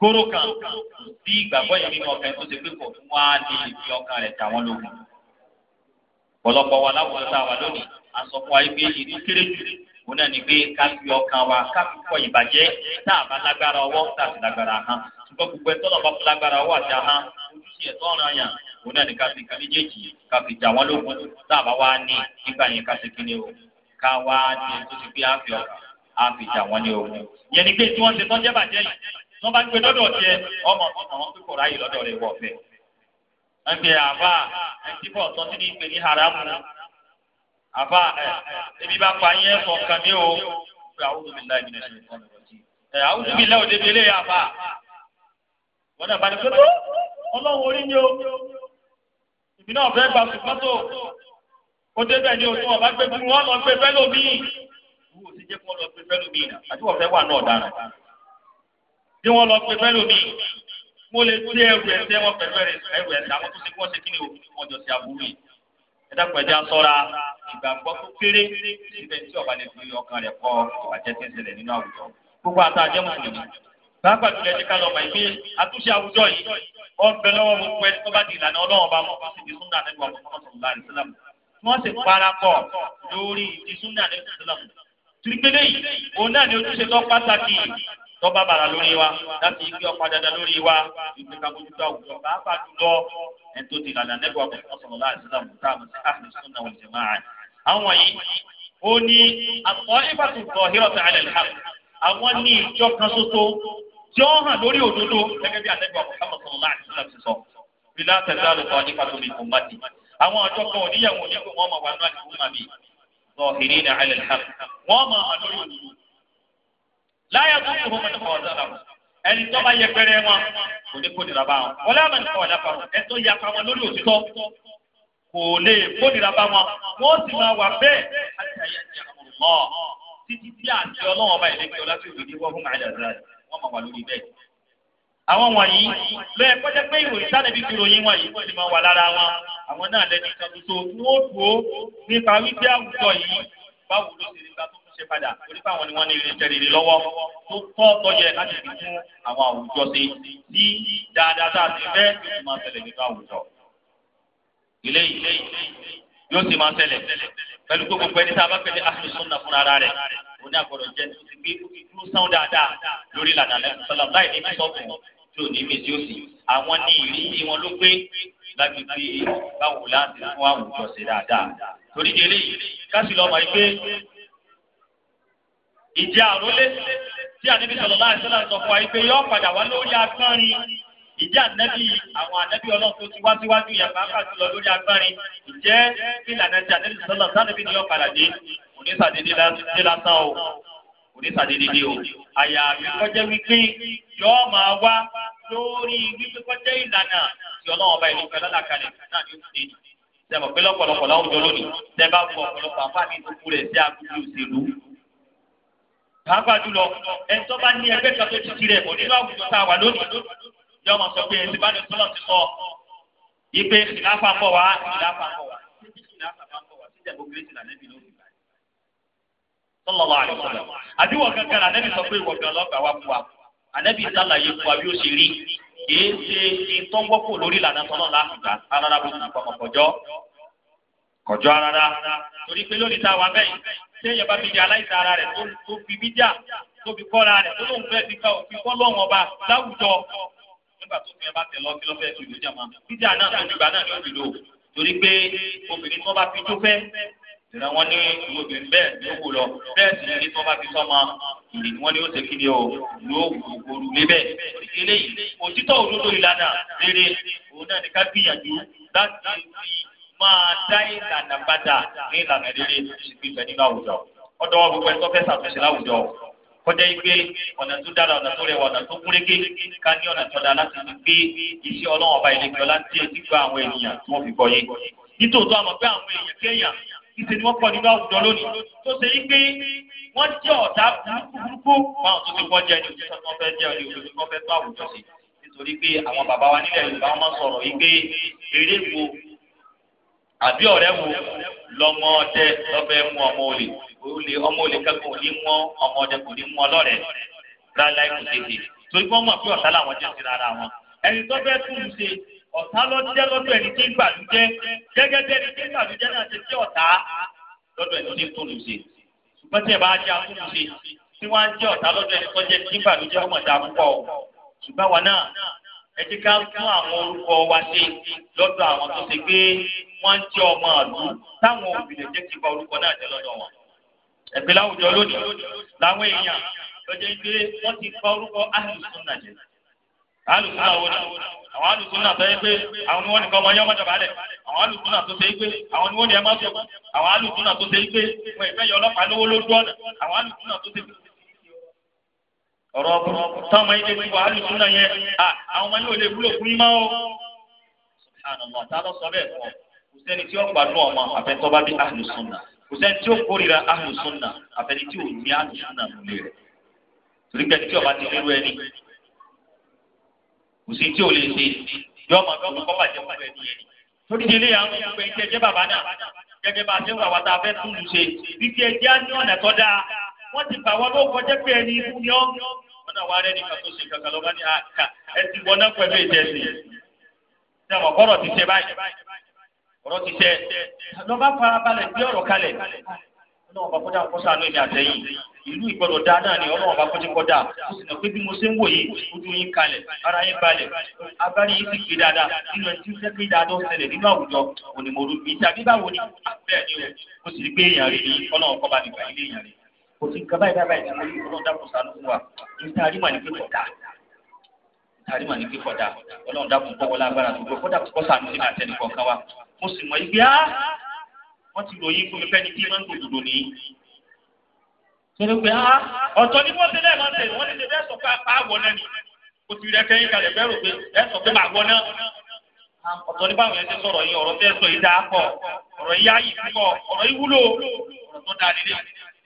kóró kan ìgbàgbọ́ yẹn nínú ọkàn tó ṣe pé kò ní ìfi ọkàn rẹ̀ ọ̀pọ̀lọpọ̀ wa láwùjọ tá a wà lónìí a sọ fún òun náà ni ká fi méjèèjì ká fi jà wọ́n lógun tá a bá wá ní nígbà yẹn ká ṣe kí ni o ká wá ní tó ti pé àfi ọkà àfi jà wọ́n ní ogun. yẹn ni pé tí wọ́n ṣe tán jẹ́ bàjẹ́ yìí tí wọ́n bá gbé lọ́dọ̀ tiẹ̀ ọmọ àwọn pípọ̀ ráyè lọ́dọ̀ rẹ̀ wọ̀ ọ̀fẹ́. wọ́n pe àbá ẹtí bọ̀ tán sí ní ìpè ní haramu àbá ẹ ebi bá pa yẹn sọ nǹkan ní o pé àwọn olùmìnira ìgbìmọ̀ ṣe fọ́n ẹ àwọn olùmìnira òde ìbí náà fẹ́ gba ṣùgbọ́n tó o débẹ̀ ní oṣù ọba gbé fún wọn lọ gbé fẹ́lò míì owó ti jẹ́ kí wọ́n lọ gbé fẹ́lò míì àti wọ́n fẹ́ wà náà dára bí wọ́n lọ gbé fẹ́lò míì mo lè tí ẹrù ẹsẹ̀ wọn pẹ̀lú ẹrù ẹsẹ̀ àwọn tó ṣe kí wọ́n ṣe kí ni o wọ́n jọ ṣe àbúrò yìí ẹ̀dá sọ́ra ìgbàgbọ́ tó kéré síbẹ̀ tí ọba lè fi ọkàn rẹ̀ kọ ìbàjẹ́ tí ń ṣẹlẹ̀ nínú àwùjọ gbogbo àtàjẹ́ mùsùlùmí pàápàá jùlọ ẹ̀jẹ̀ ká lọ́ọ́ mọ̀ ẹ̀gbẹ́ àtúnṣe àwùjọ yìí ọbẹ̀ lọ́wọ́ mo pẹ́ tó bá di ìlànà ọlọ́run bá mọ́ sí ti súnà nípa ọ̀sán láàrin sílámù tí wọ́n sì parapọ̀ lórí ti súnà nípa sílámù. tìrìgbélé yìí òun náà ni ojúṣe tó pàtàkì tó bàrà lórí wa láti gbé ọ̀pá dandan lórí wa ìgbé ká bójú tó àwùjọ pàápàá jùlọ ẹni tó ti ìlànà nípa ọ̀sán láàrin sílámù táàmù sí àhùn súnà wal jamaa àwọn yìí ó ní àkọ́ ìbàtúntọ̀ hírọ̀tà àlẹ́ àwọn ní ìjọ kan ṣoṣo tí ó hàn lórí òdodo gẹ́gẹ́ bí àtẹ́gbẹ́ ọ̀pọ̀lọpọ̀ sọ̀rọ̀ láti sílẹ̀ ti sọ. Bílá tẹ̀sán àlùkò nípa tóbi kò má ti. Àwọn ọjọ́ kan òníyàwó ní kò wọ́n mọ̀ wá ní àdìgún màmí. Lọ́ọ̀kìrì ní àlẹ́ ìhàn. Wọ́n mọ̀ hàn lórí òdodo. Láyà tó kò mọ̀ Ẹni tó bá yẹ pẹrẹ wọn kò ní kó nira bá wọn. Wọ́n lábàá nípa ọ̀dà fáwọn. Ẹ tó yapa wọn lórí òtítọ́ kò lè kó nira bá wọn. Wọ́n sì máa wà bẹ́ẹ̀ láti àyè àti àmọ̀ títí tí àti ọlọ́wọ́n bá ìlẹ́kẹ́ ọlá tí òdòdó wọ́n fún àyè àti àyè wọ́n máa wà lórí bẹ́ẹ̀. àwọn wọ̀nyí ló yẹ kọjá pé ìròyìn sánẹbí fi ròyìn wọ̀nyí wọ́n ti máa wà lára wọn àwọn náà lẹni kan tó ní ó dúró nípa wípé àwùjọ yìí báwo ló ṣe lè gba tó ṣe padà torí pé àwọn ni wọ́n ní irinṣẹ́ rere lọ́wọ́ tó tọ́ tọ́jẹ láti fi fún àwọn àwùjọ ṣe tí dáadáa tá a ti fẹ́ yóò sì máa ṣẹlẹ̀ nínú àwùjọ. ilé yìí yóò sì máa ṣẹlẹ̀ pẹ̀lú pé gbogbo ẹni tá a bá pẹ̀lú ahlu sunna fúnra ara rẹ̀ ó ní àgbọ̀dọ̀ jẹ́ tó ti gbé dúró sáwọn dáadáa lórí ìlànà lẹ́nu sọ́lá láì ní sọ́kùn tí ò ní méjì ó sì àwọn ní ìrísí wọn ló gbé lágbègbè báwo láti fún àwùjọ ṣe dáadáa torí délé káṣí lọ́mọ ẹgbẹ́ ìjẹ́ àrólé tí àníbi sọ̀rọ̀ láì sọ́lá sọ fún wa ẹgbẹ́ yọ ìjẹ́ ànábì àwọn ànábì ọlọ́run tó ti wá síwájú yẹn pàápàá ti lọ lórí agbárin ìjẹ́ ìlànà ti ànábì sọ́lọ̀ sánàbì ni ọ̀kadà dé òní sàdédé lásán o òní sàdédé dé o àyàfi kọjá wípé yọọ máa wá lórí wípé kọjá ìlànà tí ọlọ́run ọba ìlú pẹ̀lú àlàkalẹ̀ náà ni ó ti dé sẹ́mọ̀ pé lọ́pọ̀lọpọ̀ láwùjọ lónìí tẹ́ bá fọ ọ̀pọ̀lọpọ̀ àǹfààní ìdókòwò rẹ̀ sí agbègbè òṣèlú pàápàá jùlọ ẹ̀tọ́ bá ní ẹgbẹ́ kan tó ti tirẹ̀ mọ̀ nínú àwùjọ tá a wà lónìí yọ ọmọ sọ pé ẹsẹ bá lè sọlọ ti sọ ipe ìlàfà ń bọ̀ wá ìlàfà ń bọ̀ wá ìlàfà ń bọ̀ wá sí democracy là nẹbi lórí ìgbà yìí sọlọlọ àlùfọlọ àdìwọ kankan là nẹbi sọ pé ìwọ gan lọgbà wa fún wa ànẹbi sàlàyé fún wa bí ó ṣe rí kìí ṣe ìtọ́wọ́pọ̀ lórí ìlànà sọlọ láàfùgbà arára bó ti pọ̀ kọjọ́ kọjọ́ arára torí pé lórí táwa bẹ́ẹ̀ nígbà tó fi ẹ bá tẹ̀ lọ kí ló fẹ́ tó ìlójà máa jíjà náà tó dìgbà náà ló dìlò torí pé obìnrin tí bá fi tó fẹ́ ìrẹ̀ wọn ní obìnrin bẹ́ẹ̀ ló wù lọ bẹ́ẹ̀ sì ní tí bá fi sọ́mọ ìrì ni wọ́n ní ó ṣe kí ni o ló wù ooru lé bẹ́ẹ̀ eléyìí òtítọ́ òdodo ìlànà rere òun náà ní ká gbìyànjú láti fi máa dá ìlànà padà ní ìlànà rere ìṣèpìfẹ́ nínú àwùjọ ọ̀dọ́ gbogbo ẹ̀ kọjá yìí pé ọ̀nà tó dára ọ̀nà tó rẹwà ọ̀nà tó gúnrégé ká ní ọ̀nà tó dára láti fi gbé iṣẹ́ ọlọ́run ọba ìlẹ́gbẹ̀ẹ́ láti ẹ̀ sígbà àwọn ènìyàn tí wọ́n fi gbọ́ yé. nítòótọ́ àmọ̀ pé àwọn èèyàn kéèyàn ìṣe ni wọ́n pọ̀ nínú àwùjọ lónìí tó ṣe yìí pé wọ́n jẹ́ ọ̀tá burúkú báwọn tó ti wọ́n jẹ́ ní òṣìṣẹ́ tó fẹ́ jẹ́ ní òṣìṣẹ́ tó fẹ́ tó àwùjọ sí nítorí pé àwọn bàbá wa nílẹ̀ Yorùbá wọn máa sọ̀rọ̀ yìí pé eré wo àbí ọ̀rẹ́ olè ọmọ olè kẹ́kọ̀ọ́ ní mọ́ ọmọ ọdẹ kò ní mọ́ lọ́rẹ̀ rárá ikú tètè torí wọ́n mọ̀ pé ọ̀tá làwọn jẹ́ sí rárá wọn. ẹni tó fẹ́ tún un ṣe ọ̀tá lọ́jẹ́ lọ́dọ̀ ẹni tí ń gbàlújẹ́ gẹ́gẹ́ bí ẹni tí ń gbàlújẹ́ náà ti jẹ́ ọ̀tá lọ́dọ̀ ẹni tí ń tún un ṣe. ṣùgbọ́n tí ẹ bá jẹ́ atún un ṣe tí wọ́n á jẹ́ ọ̀tá lọ́dọ̀ ẹni tó jẹ́ tí ń gbàlújẹ́ ọmọ ìdá púpọ̀ o. ṣùgbọ́n wa náà ẹ ti ká fún àwọn orúkọ wa ṣe lọ́dọ̀ àwọn tó ṣe pé wọ́n ń jẹ́ ọmọ àlú táwọn òbí lè jẹ́ kí ba orúkọ náà jẹ́ lọ́dọ̀ wọn ẹgbẹ́ láwùjọ lónìí làwọn èèyàn lọ́jọ́ ìgbé wọ́n ti kọ́ orúkọ alùsùn náà jẹ́ alùsùn náà wọ́n àwọn alùsùn náà sọ pé àwọn ni wọ́n nìkan ọmọ yẹn ọmọ jọba rẹ̀ àwọn alùsùn náà tó ṣe pé àwọn ni wọ́n ní ẹ má sọ àwọn alùsùn náà tó ṣe pé wọ́n ìfẹ́ yọ ọlọ́pàá lówó lójú ọ̀nà àwọn alùsùn náà tó ṣe pé ọ̀rọ̀ táwọn ilé gbogbo alùsùn yẹn àwọn ọmọ yóò lè wúlò fún yín máa ó àná kò sẹ́ni tí ó kórìíra alùsùnà àfẹni tí ò ní alùsùnà lórí rẹ̀ torí pé tí ọba ti rírú ẹni kò sí tí ò lè ṣe yọ ọmọ tó kọ́ bàjẹ́ fún ẹni yẹn torí délé àwọn ìgbẹ́ ìjẹ́ jẹ́ bàbá náà gẹ́gẹ́ bá a ṣe ń wà wá tá a fẹ́ tún lù ṣe títí ẹjẹ́ á ní ọ̀nà tó dáa wọ́n ti bà wọ́n ló kọjá pé ẹni ikú ni ọ́ wọ́n náà wá rẹ́ nípa tó ṣe kankan lọ́ba ní àkà ẹ ti wọ́n náà pẹ̀lú ìjẹ́sìn ọ̀rọ̀ ti tẹ́ lọ́ba farabalẹ̀ gbé ọ̀rọ̀ kalẹ̀ ọlọ́run bá kọjá kọ́ sànú èmi àtẹ̀yìn ìlú ìgbọ́dọ̀ dá náà ni ọlọ́run bá kọjá kọjá ó sì nà pé bí mo ṣe ń wòye ojú yín kalẹ̀ ara yín balẹ̀ abárí yín sì pé dáadáa nínú ẹni tí ó sẹ́kẹ́ dáadáa ṣẹlẹ̀ nínú àwùjọ òní mo rú mi tàbí báwo ni bẹ́ẹ̀ o mo sì rí pé èèyàn rẹ̀ ni ọlọ́run kọ́ bá mi gbà ilé èèyàn rẹ̀ kò sí nǹkan báyìí báyìí tí mo rí ọlọ́run dákun ṣàánú fún wa nítorí mà ní pé wa mo sì mọ̀ ibi á wọ́n ti ròyìn fún mi fẹ́ni tí máa ń gbòdòdò ní. sọ̀rọ̀ á ọ̀tọ̀ ní wọ́n ti lẹ́ẹ̀ máa ń tẹ̀lé wọ́n ti lè bẹ́ẹ̀ sọ pé apá àwọ̀ náà ni o ti rẹ kẹ́yìn kalẹ̀ bẹ́ẹ̀ rò pé ẹ sọ pé màá gbọ́ náà. ọ̀tọ̀ ní báwọn yẹn ti sọ̀rọ̀ yìí ọ̀rọ̀ tẹ́ sọ yìí dáa pọ̀ ọ̀rọ̀ yìí ayì pọ̀ ọ̀rọ̀ yìí wúlò ọ̀rọ̀ tó dáa nílé.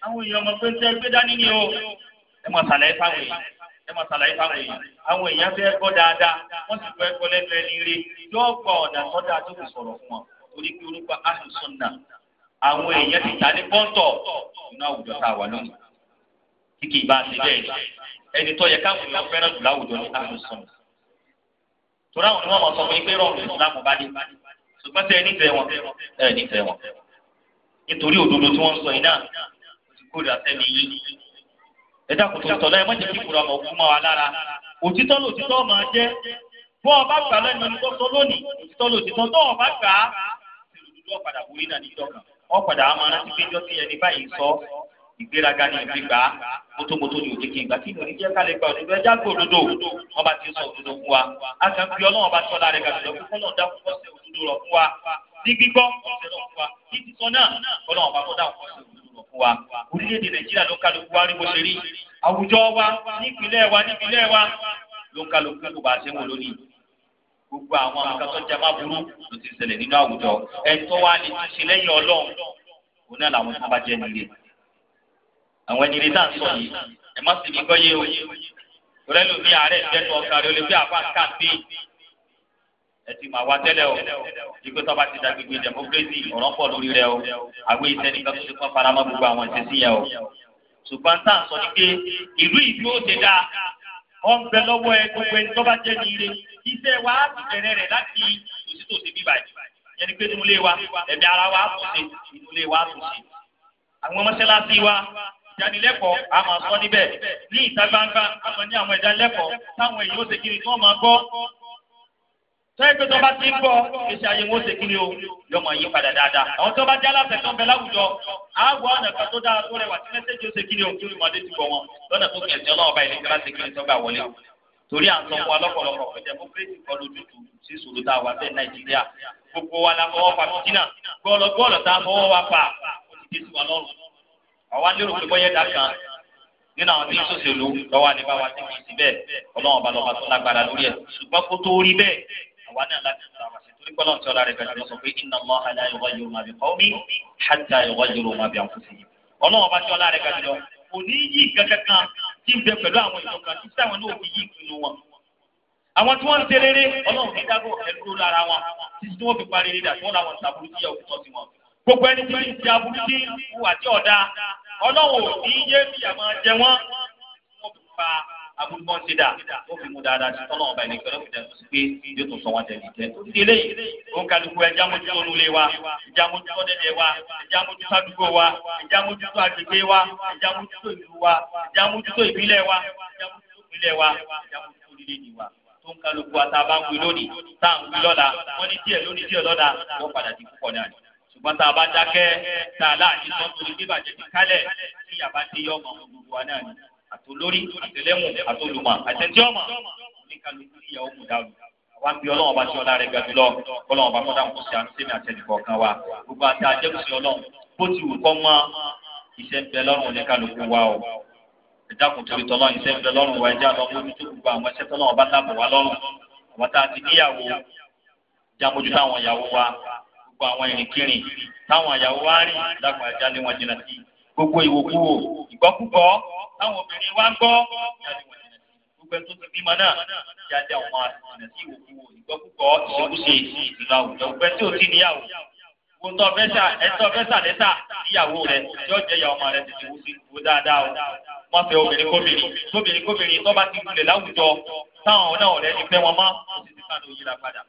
àwọn èèyàn ọmọ pé ń dání ni o ẹ ẹ máa ṣàlàyé fáwọn èèyàn àwọn èèyàn fẹ́ gbọ́ dáadáa wọ́n sì fẹ́ gbọ́ lẹ́nu ẹni rí yóò gba ọ̀nà sọ́dà tó fi sọ̀rọ̀ fún wọn torí pé orúkọ ahlu sunna àwọn èèyàn ti ta ní pọ́ńtọ̀ nínú àwùjọ tá a wà lónìí tí kì í bá ṣe bẹ́ẹ̀ ẹni tó yẹ káwọn èèyàn fẹ́ràn jù láwùjọ ní ahlu sunna torí àwọn onímọ̀ sọ pé rọrùn ìsìlámù bá dé ṣùgbọ́n tẹ ẹ nífẹ̀ẹ́ wọn ẹ nífẹ̀ẹ́ wọn nítorí òdodo tí wọ́n ń sọ yìí ẹ̀dá kò tó tọ̀lá ẹ̀ mọ̀jẹ̀ kí kúrò ọmọ òkú mọ́ wa lára òtítọ́ lòtítọ́ máa jẹ́ bọ́ ọba gbà lẹ́nu ẹni tó sọ lónìí òtítọ́ lòtítọ́ tó ọba gbà á ṣèlú ọ̀padà borí náà ní ìjọba ọ̀padà á máa rántí péjọ sí ẹni báyìí sọ ìgbéraga ní ìgbégbá mótómótó ní òkè kìgbà tí ìròyìn jẹ́ kálẹ̀ gba òdodo ẹja gbé òdodo wọn bá ti sọ òdodo fún wa a kàn fi ọlọ́wọ́n bá sọ lára gàdúrà fún fún náà dákun fọ́sẹ̀ òdodo rọ̀ fún wa ní gbígbọ́ fọ́sẹ̀ rọ̀ fún wa ní sísọ náà ọlọ́wọ́n bá tó dákun fọ́sẹ̀ òdodo túmọ̀ fún wa orílẹ̀-èdè nàìjíríà ló ń kálukú wa rí bó ṣe rí àwùjọ wa nípìnlẹ̀ wa nípìnlẹ̀ wa ló ń kálukú kò bá ṣe wọn lónìí gbogbo àwọn nǹkan tó jẹ má burú ló ti ṣẹlẹ̀ nínú àwùjọ ẹ̀tọ́ wa lè ti ṣe lẹ́yìn ọlọ́run òun náà làwọn tó bá jẹ nílé àwọn ẹni ilé náà sọ yìí ẹ má sì ní gbọ́ yé o rẹ lómi àárẹ̀ jẹ́nu ọ̀sán rẹ olè ẹtì máa wá tẹ́lẹ̀ o ìgbé tó bá ti da gbogbo democracy ọ̀rọ̀ pọ̀ lórí rẹ o àwọn ìsẹ́ni kan tó ti kọ́ faramọ́ gbogbo àwọn ìṣesí yẹn o. ṣùgbọ́n tá à ń sọ ni pé ìlú ìlú ó ti da wọ́n bẹ lọ́wọ́ ẹ gbogbo ẹni tó bá jẹ́ ní ire iṣẹ́ wa á ti bẹ̀rẹ̀ rẹ̀ láti tòsítòsí bíbà yìí yẹn ni pé inú ilé wa ẹ̀mí ara wa á tún inú ilé wa á tún àwọn mọ́ṣáláṣí wa ìdánilẹ́kọ̀ọ́ a máa sọ níbẹ̀ ní ìta gbangba a máa ní àwọn ìdánilẹ́kọ̀ọ́ táwọn èèyàn ó ṣe kiri tí wọ́n máa gbọ́ sọ́yìn pé tó bá ti ń gbọ́ ìṣe ayé wọn ó ṣe kí ni o yọmọ yí padà dáadáa àwọn tó bá jẹ́ aláṣẹ tó ń bẹ láwùjọ àáwọ̀ ọ̀nà kan tó dára tó rẹwà tí mẹ́sẹ̀jì ó ṣe kí ni o kí ni màdé ti gbọ́ wọn lọ́nà tó kẹ̀sì ọlọ́ọ̀bá ilé kíláà ṣe kí ni sọ́gbà wọlé torí à ń sọ fún wa lọ́pọ̀lọpọ̀ pé democracy kọ́ lójútu sí ìṣòro tá a wà sẹ́ Nàìjíríà gbogbo wa la fọwọ́ pa fìtínà gbọ́ọ̀lọ́ gbọ́ọ̀lọ́ tá a fọwọ́ wa pa òtítí sí wa lọ́rùn àwa lérò pé bọ́yẹ̀ dá kan nínú àwọn tí ń sòṣèlú lọ́wọ́ àdébáwá tí kì sí bẹ́ẹ̀ ọlọ́wọ́n ọba lọ́ba tó lágbára lórí ẹ̀ ṣùgbọ́n kó tó rí bẹ́ẹ̀ àwa náà láti tara wa sí torí pé ọlọ́run tí ọlá rẹ̀ bẹ̀rẹ̀ lọ sọ pé inna Allaha la yughayyiru ma bi qawmin hatta yughayyiru ma bi anfusihim ọlọ́run ọba tí ọlá rẹ̀ bẹ̀rẹ̀ lọ kò ní yí kankan kan tí ń bẹ pẹ̀lú àwọn ìjọ tí táwọn náà fi yí ìpinnu wọn. àwọn tí wọ́n ń ṣe rere ọlọ́run ní dágò ẹ̀dúró lára wọn tí abúgbọ́n ti dà ó fi mú dáadáa sí tọ́lọ́ ọba ẹni pẹ̀lú ìdá tó sì pé yóò tún sọ wọn tẹ̀lé jẹ́. ti eléyìí ó ń kálukú ẹja mójú tó nulẹ̀ wa ẹja mójú tó dẹ̀dẹ̀ wa ẹja mójú tó àdúgbò wa ẹja mójú tó agbègbè wa ẹja mójú tó ìlú di púpọ̀ náà ṣùgbọ́n àtolórí àtẹlẹmù àtolùmọ àtẹjọmọ oníkàlùkù ìyàwó mùdàlù wa ń bi ọlọ́run bá ṣe ọlá rẹ̀ gàdú lọ ọlọ́run bá mọ́tà kò sí àtúnṣe àtẹnìkọ̀ kan wa gbogbo àti àjẹkùsí ọlọ́run bó ti wù kọ́ mọ́ iṣẹ́ ń bẹ lọ́rùn oníkàlùkù wa o ẹja kò tóbi tọ́lọ́ iṣẹ́ ń bẹ lọ́rùn wa ẹja lọ mójútó gbogbo àwọn iṣẹ́ tọ́lọ́ ọba lábọ̀ wa lọ́rùn a ti já mójútó àwọn ìyàwó gbogbo ìwòkuwò ìgbọ́kúgbọ́ táwọn obìnrin wá ń gbọ́ jáde wọn jìnà sí gbogbo ẹni tó ti bímọ náà jáde àwọn máa jìnà sí ìwòkuwò ìgbọ́kúgbọ́ ìṣekúṣe ìṣìnà àwùjọ gbogbo ẹni tí ò sí níyàwó wo tọ fẹsà ẹtọ fẹsà lẹsà níyàwó rẹ yóò jẹ ìyá ọmọ rẹ tètè wù sí wò dáadáa o wọn fẹ́ obìnrin kóbìnrin tóbìnrin kóbìnrin tó bá ti gulẹ̀ láwùjọ táwọn náà rẹ ní fẹ́ wọn mọ́ ó ti ká lóyún la padà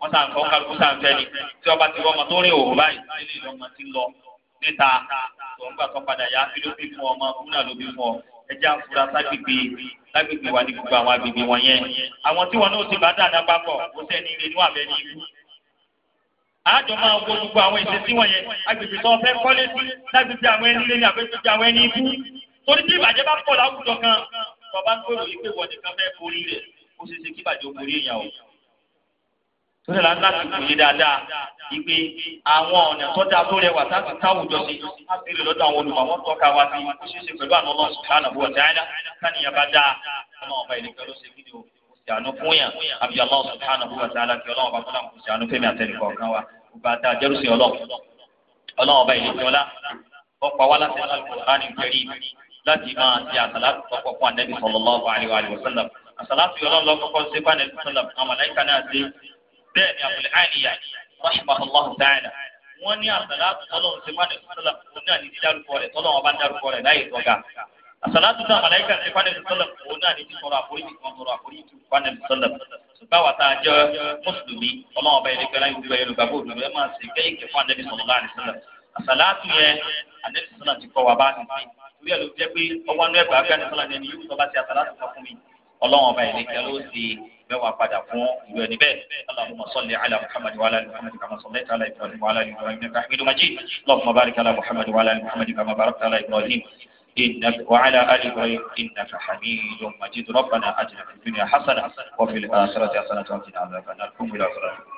wọ́n sàn kọ́ kálukú sàn fẹ́ ni tí ọba ti wọ́mọ tó rìn òwò báyìí nílé ìlọmọ ti lọ níta tó ń gbà tó padà yá fílópì fún ọmọ kúnà ló bí fún ọ ẹjẹ àfúrá ságbègbè ságbègbè wà ní gbogbo àwọn agbègbè wọn yẹn àwọn tí wọn náà ti bá dáadáa papọ̀ kó sẹ́ni ilé níwọ̀n abẹ́ ní ikú. àjọ máa wo gbogbo àwọn ìṣesí wọn yẹn agbègbè tó fẹ́ kọ́lé sí lágbègbè àwọn ẹni ilé ní àwọn ẹni ikú torí tí ìbàjẹ́ bá pọ̀ láwùjọ kan bàbá ń gbòòrò yìí pé wọ́n nìkan fẹ́ borí rẹ̀ kó ṣeé ṣe kí ìbàjẹ́ borí èèyàn sórí la ńlá ti kù yé dáadáa ìgbé àwọn ọ̀nà tọ́jà tó rẹwà táwọn táwùjọ sí láti rí lọ́dọ̀ àwọn olùmọ̀ wọn tọ́ka wa sí ó ṣeé ṣe pẹ̀lú àná lọ́wọ́ subhanahu wa ta'ala káníyàn bá dáa ọmọ ọba ìlẹ̀kẹ́ ló ṣe fídíò ṣàánú fún yàn àbí Allah subhanahu wa ta'ala kí ọlọ́wọ́ bá fúnra kùn ṣàánú fẹ́mi àtẹnìkọ̀ kan wa ọba àti àjẹrùsí ọlọ́wọ́ ọba ìlẹ̀kẹ́ ọlá ọ̀pá wa láti láti máa ṣe àsàlátù tọpọ fún anabi sallallahu alaihi wa sallam àsàlátù yọlọ lọ kọ́kọ́ ṣe fún anabi sallam àwọn màláíkà náà ṣe bẹ́ẹ̀ ni Abul Aliya rahimahullahu ta'ala wọ́n ní àsàlátù tọ́lọ́run ṣe fánẹ̀ sọ́lá òun náà ní dídárúkọ rẹ̀ tọ́lọ́run ọba ń dárúkọ rẹ̀ láyé tọ́ga àsàlátù náà màláìkà ṣe fánẹ̀ sọ́lá òun náà ní títọrọ àforíjì kan tọrọ àforíjì fánẹ̀ sọ́lá ṣùgbọ́n wàtá jẹ́ mùsùlùmí ọlọ́run ọba ẹ̀ mẹ́wàá padà fún ìlú ẹni bẹ́ẹ̀ Allahumma salli ala Muhammad wa ala Muhammad kama sallaita ala Ibrahim wa ala Ibrahim innaka Hamidum Majid Allahumma barik ala Muhammad wa ala Muhammad kama barakta ala Ibrahim وعلى آل إبراهيم إنك حميد مجيد ربنا أجعلنا في الدنيا حسنة وفي الآخرة حسنة وقنا عذاب النار قم إلى صلاتكم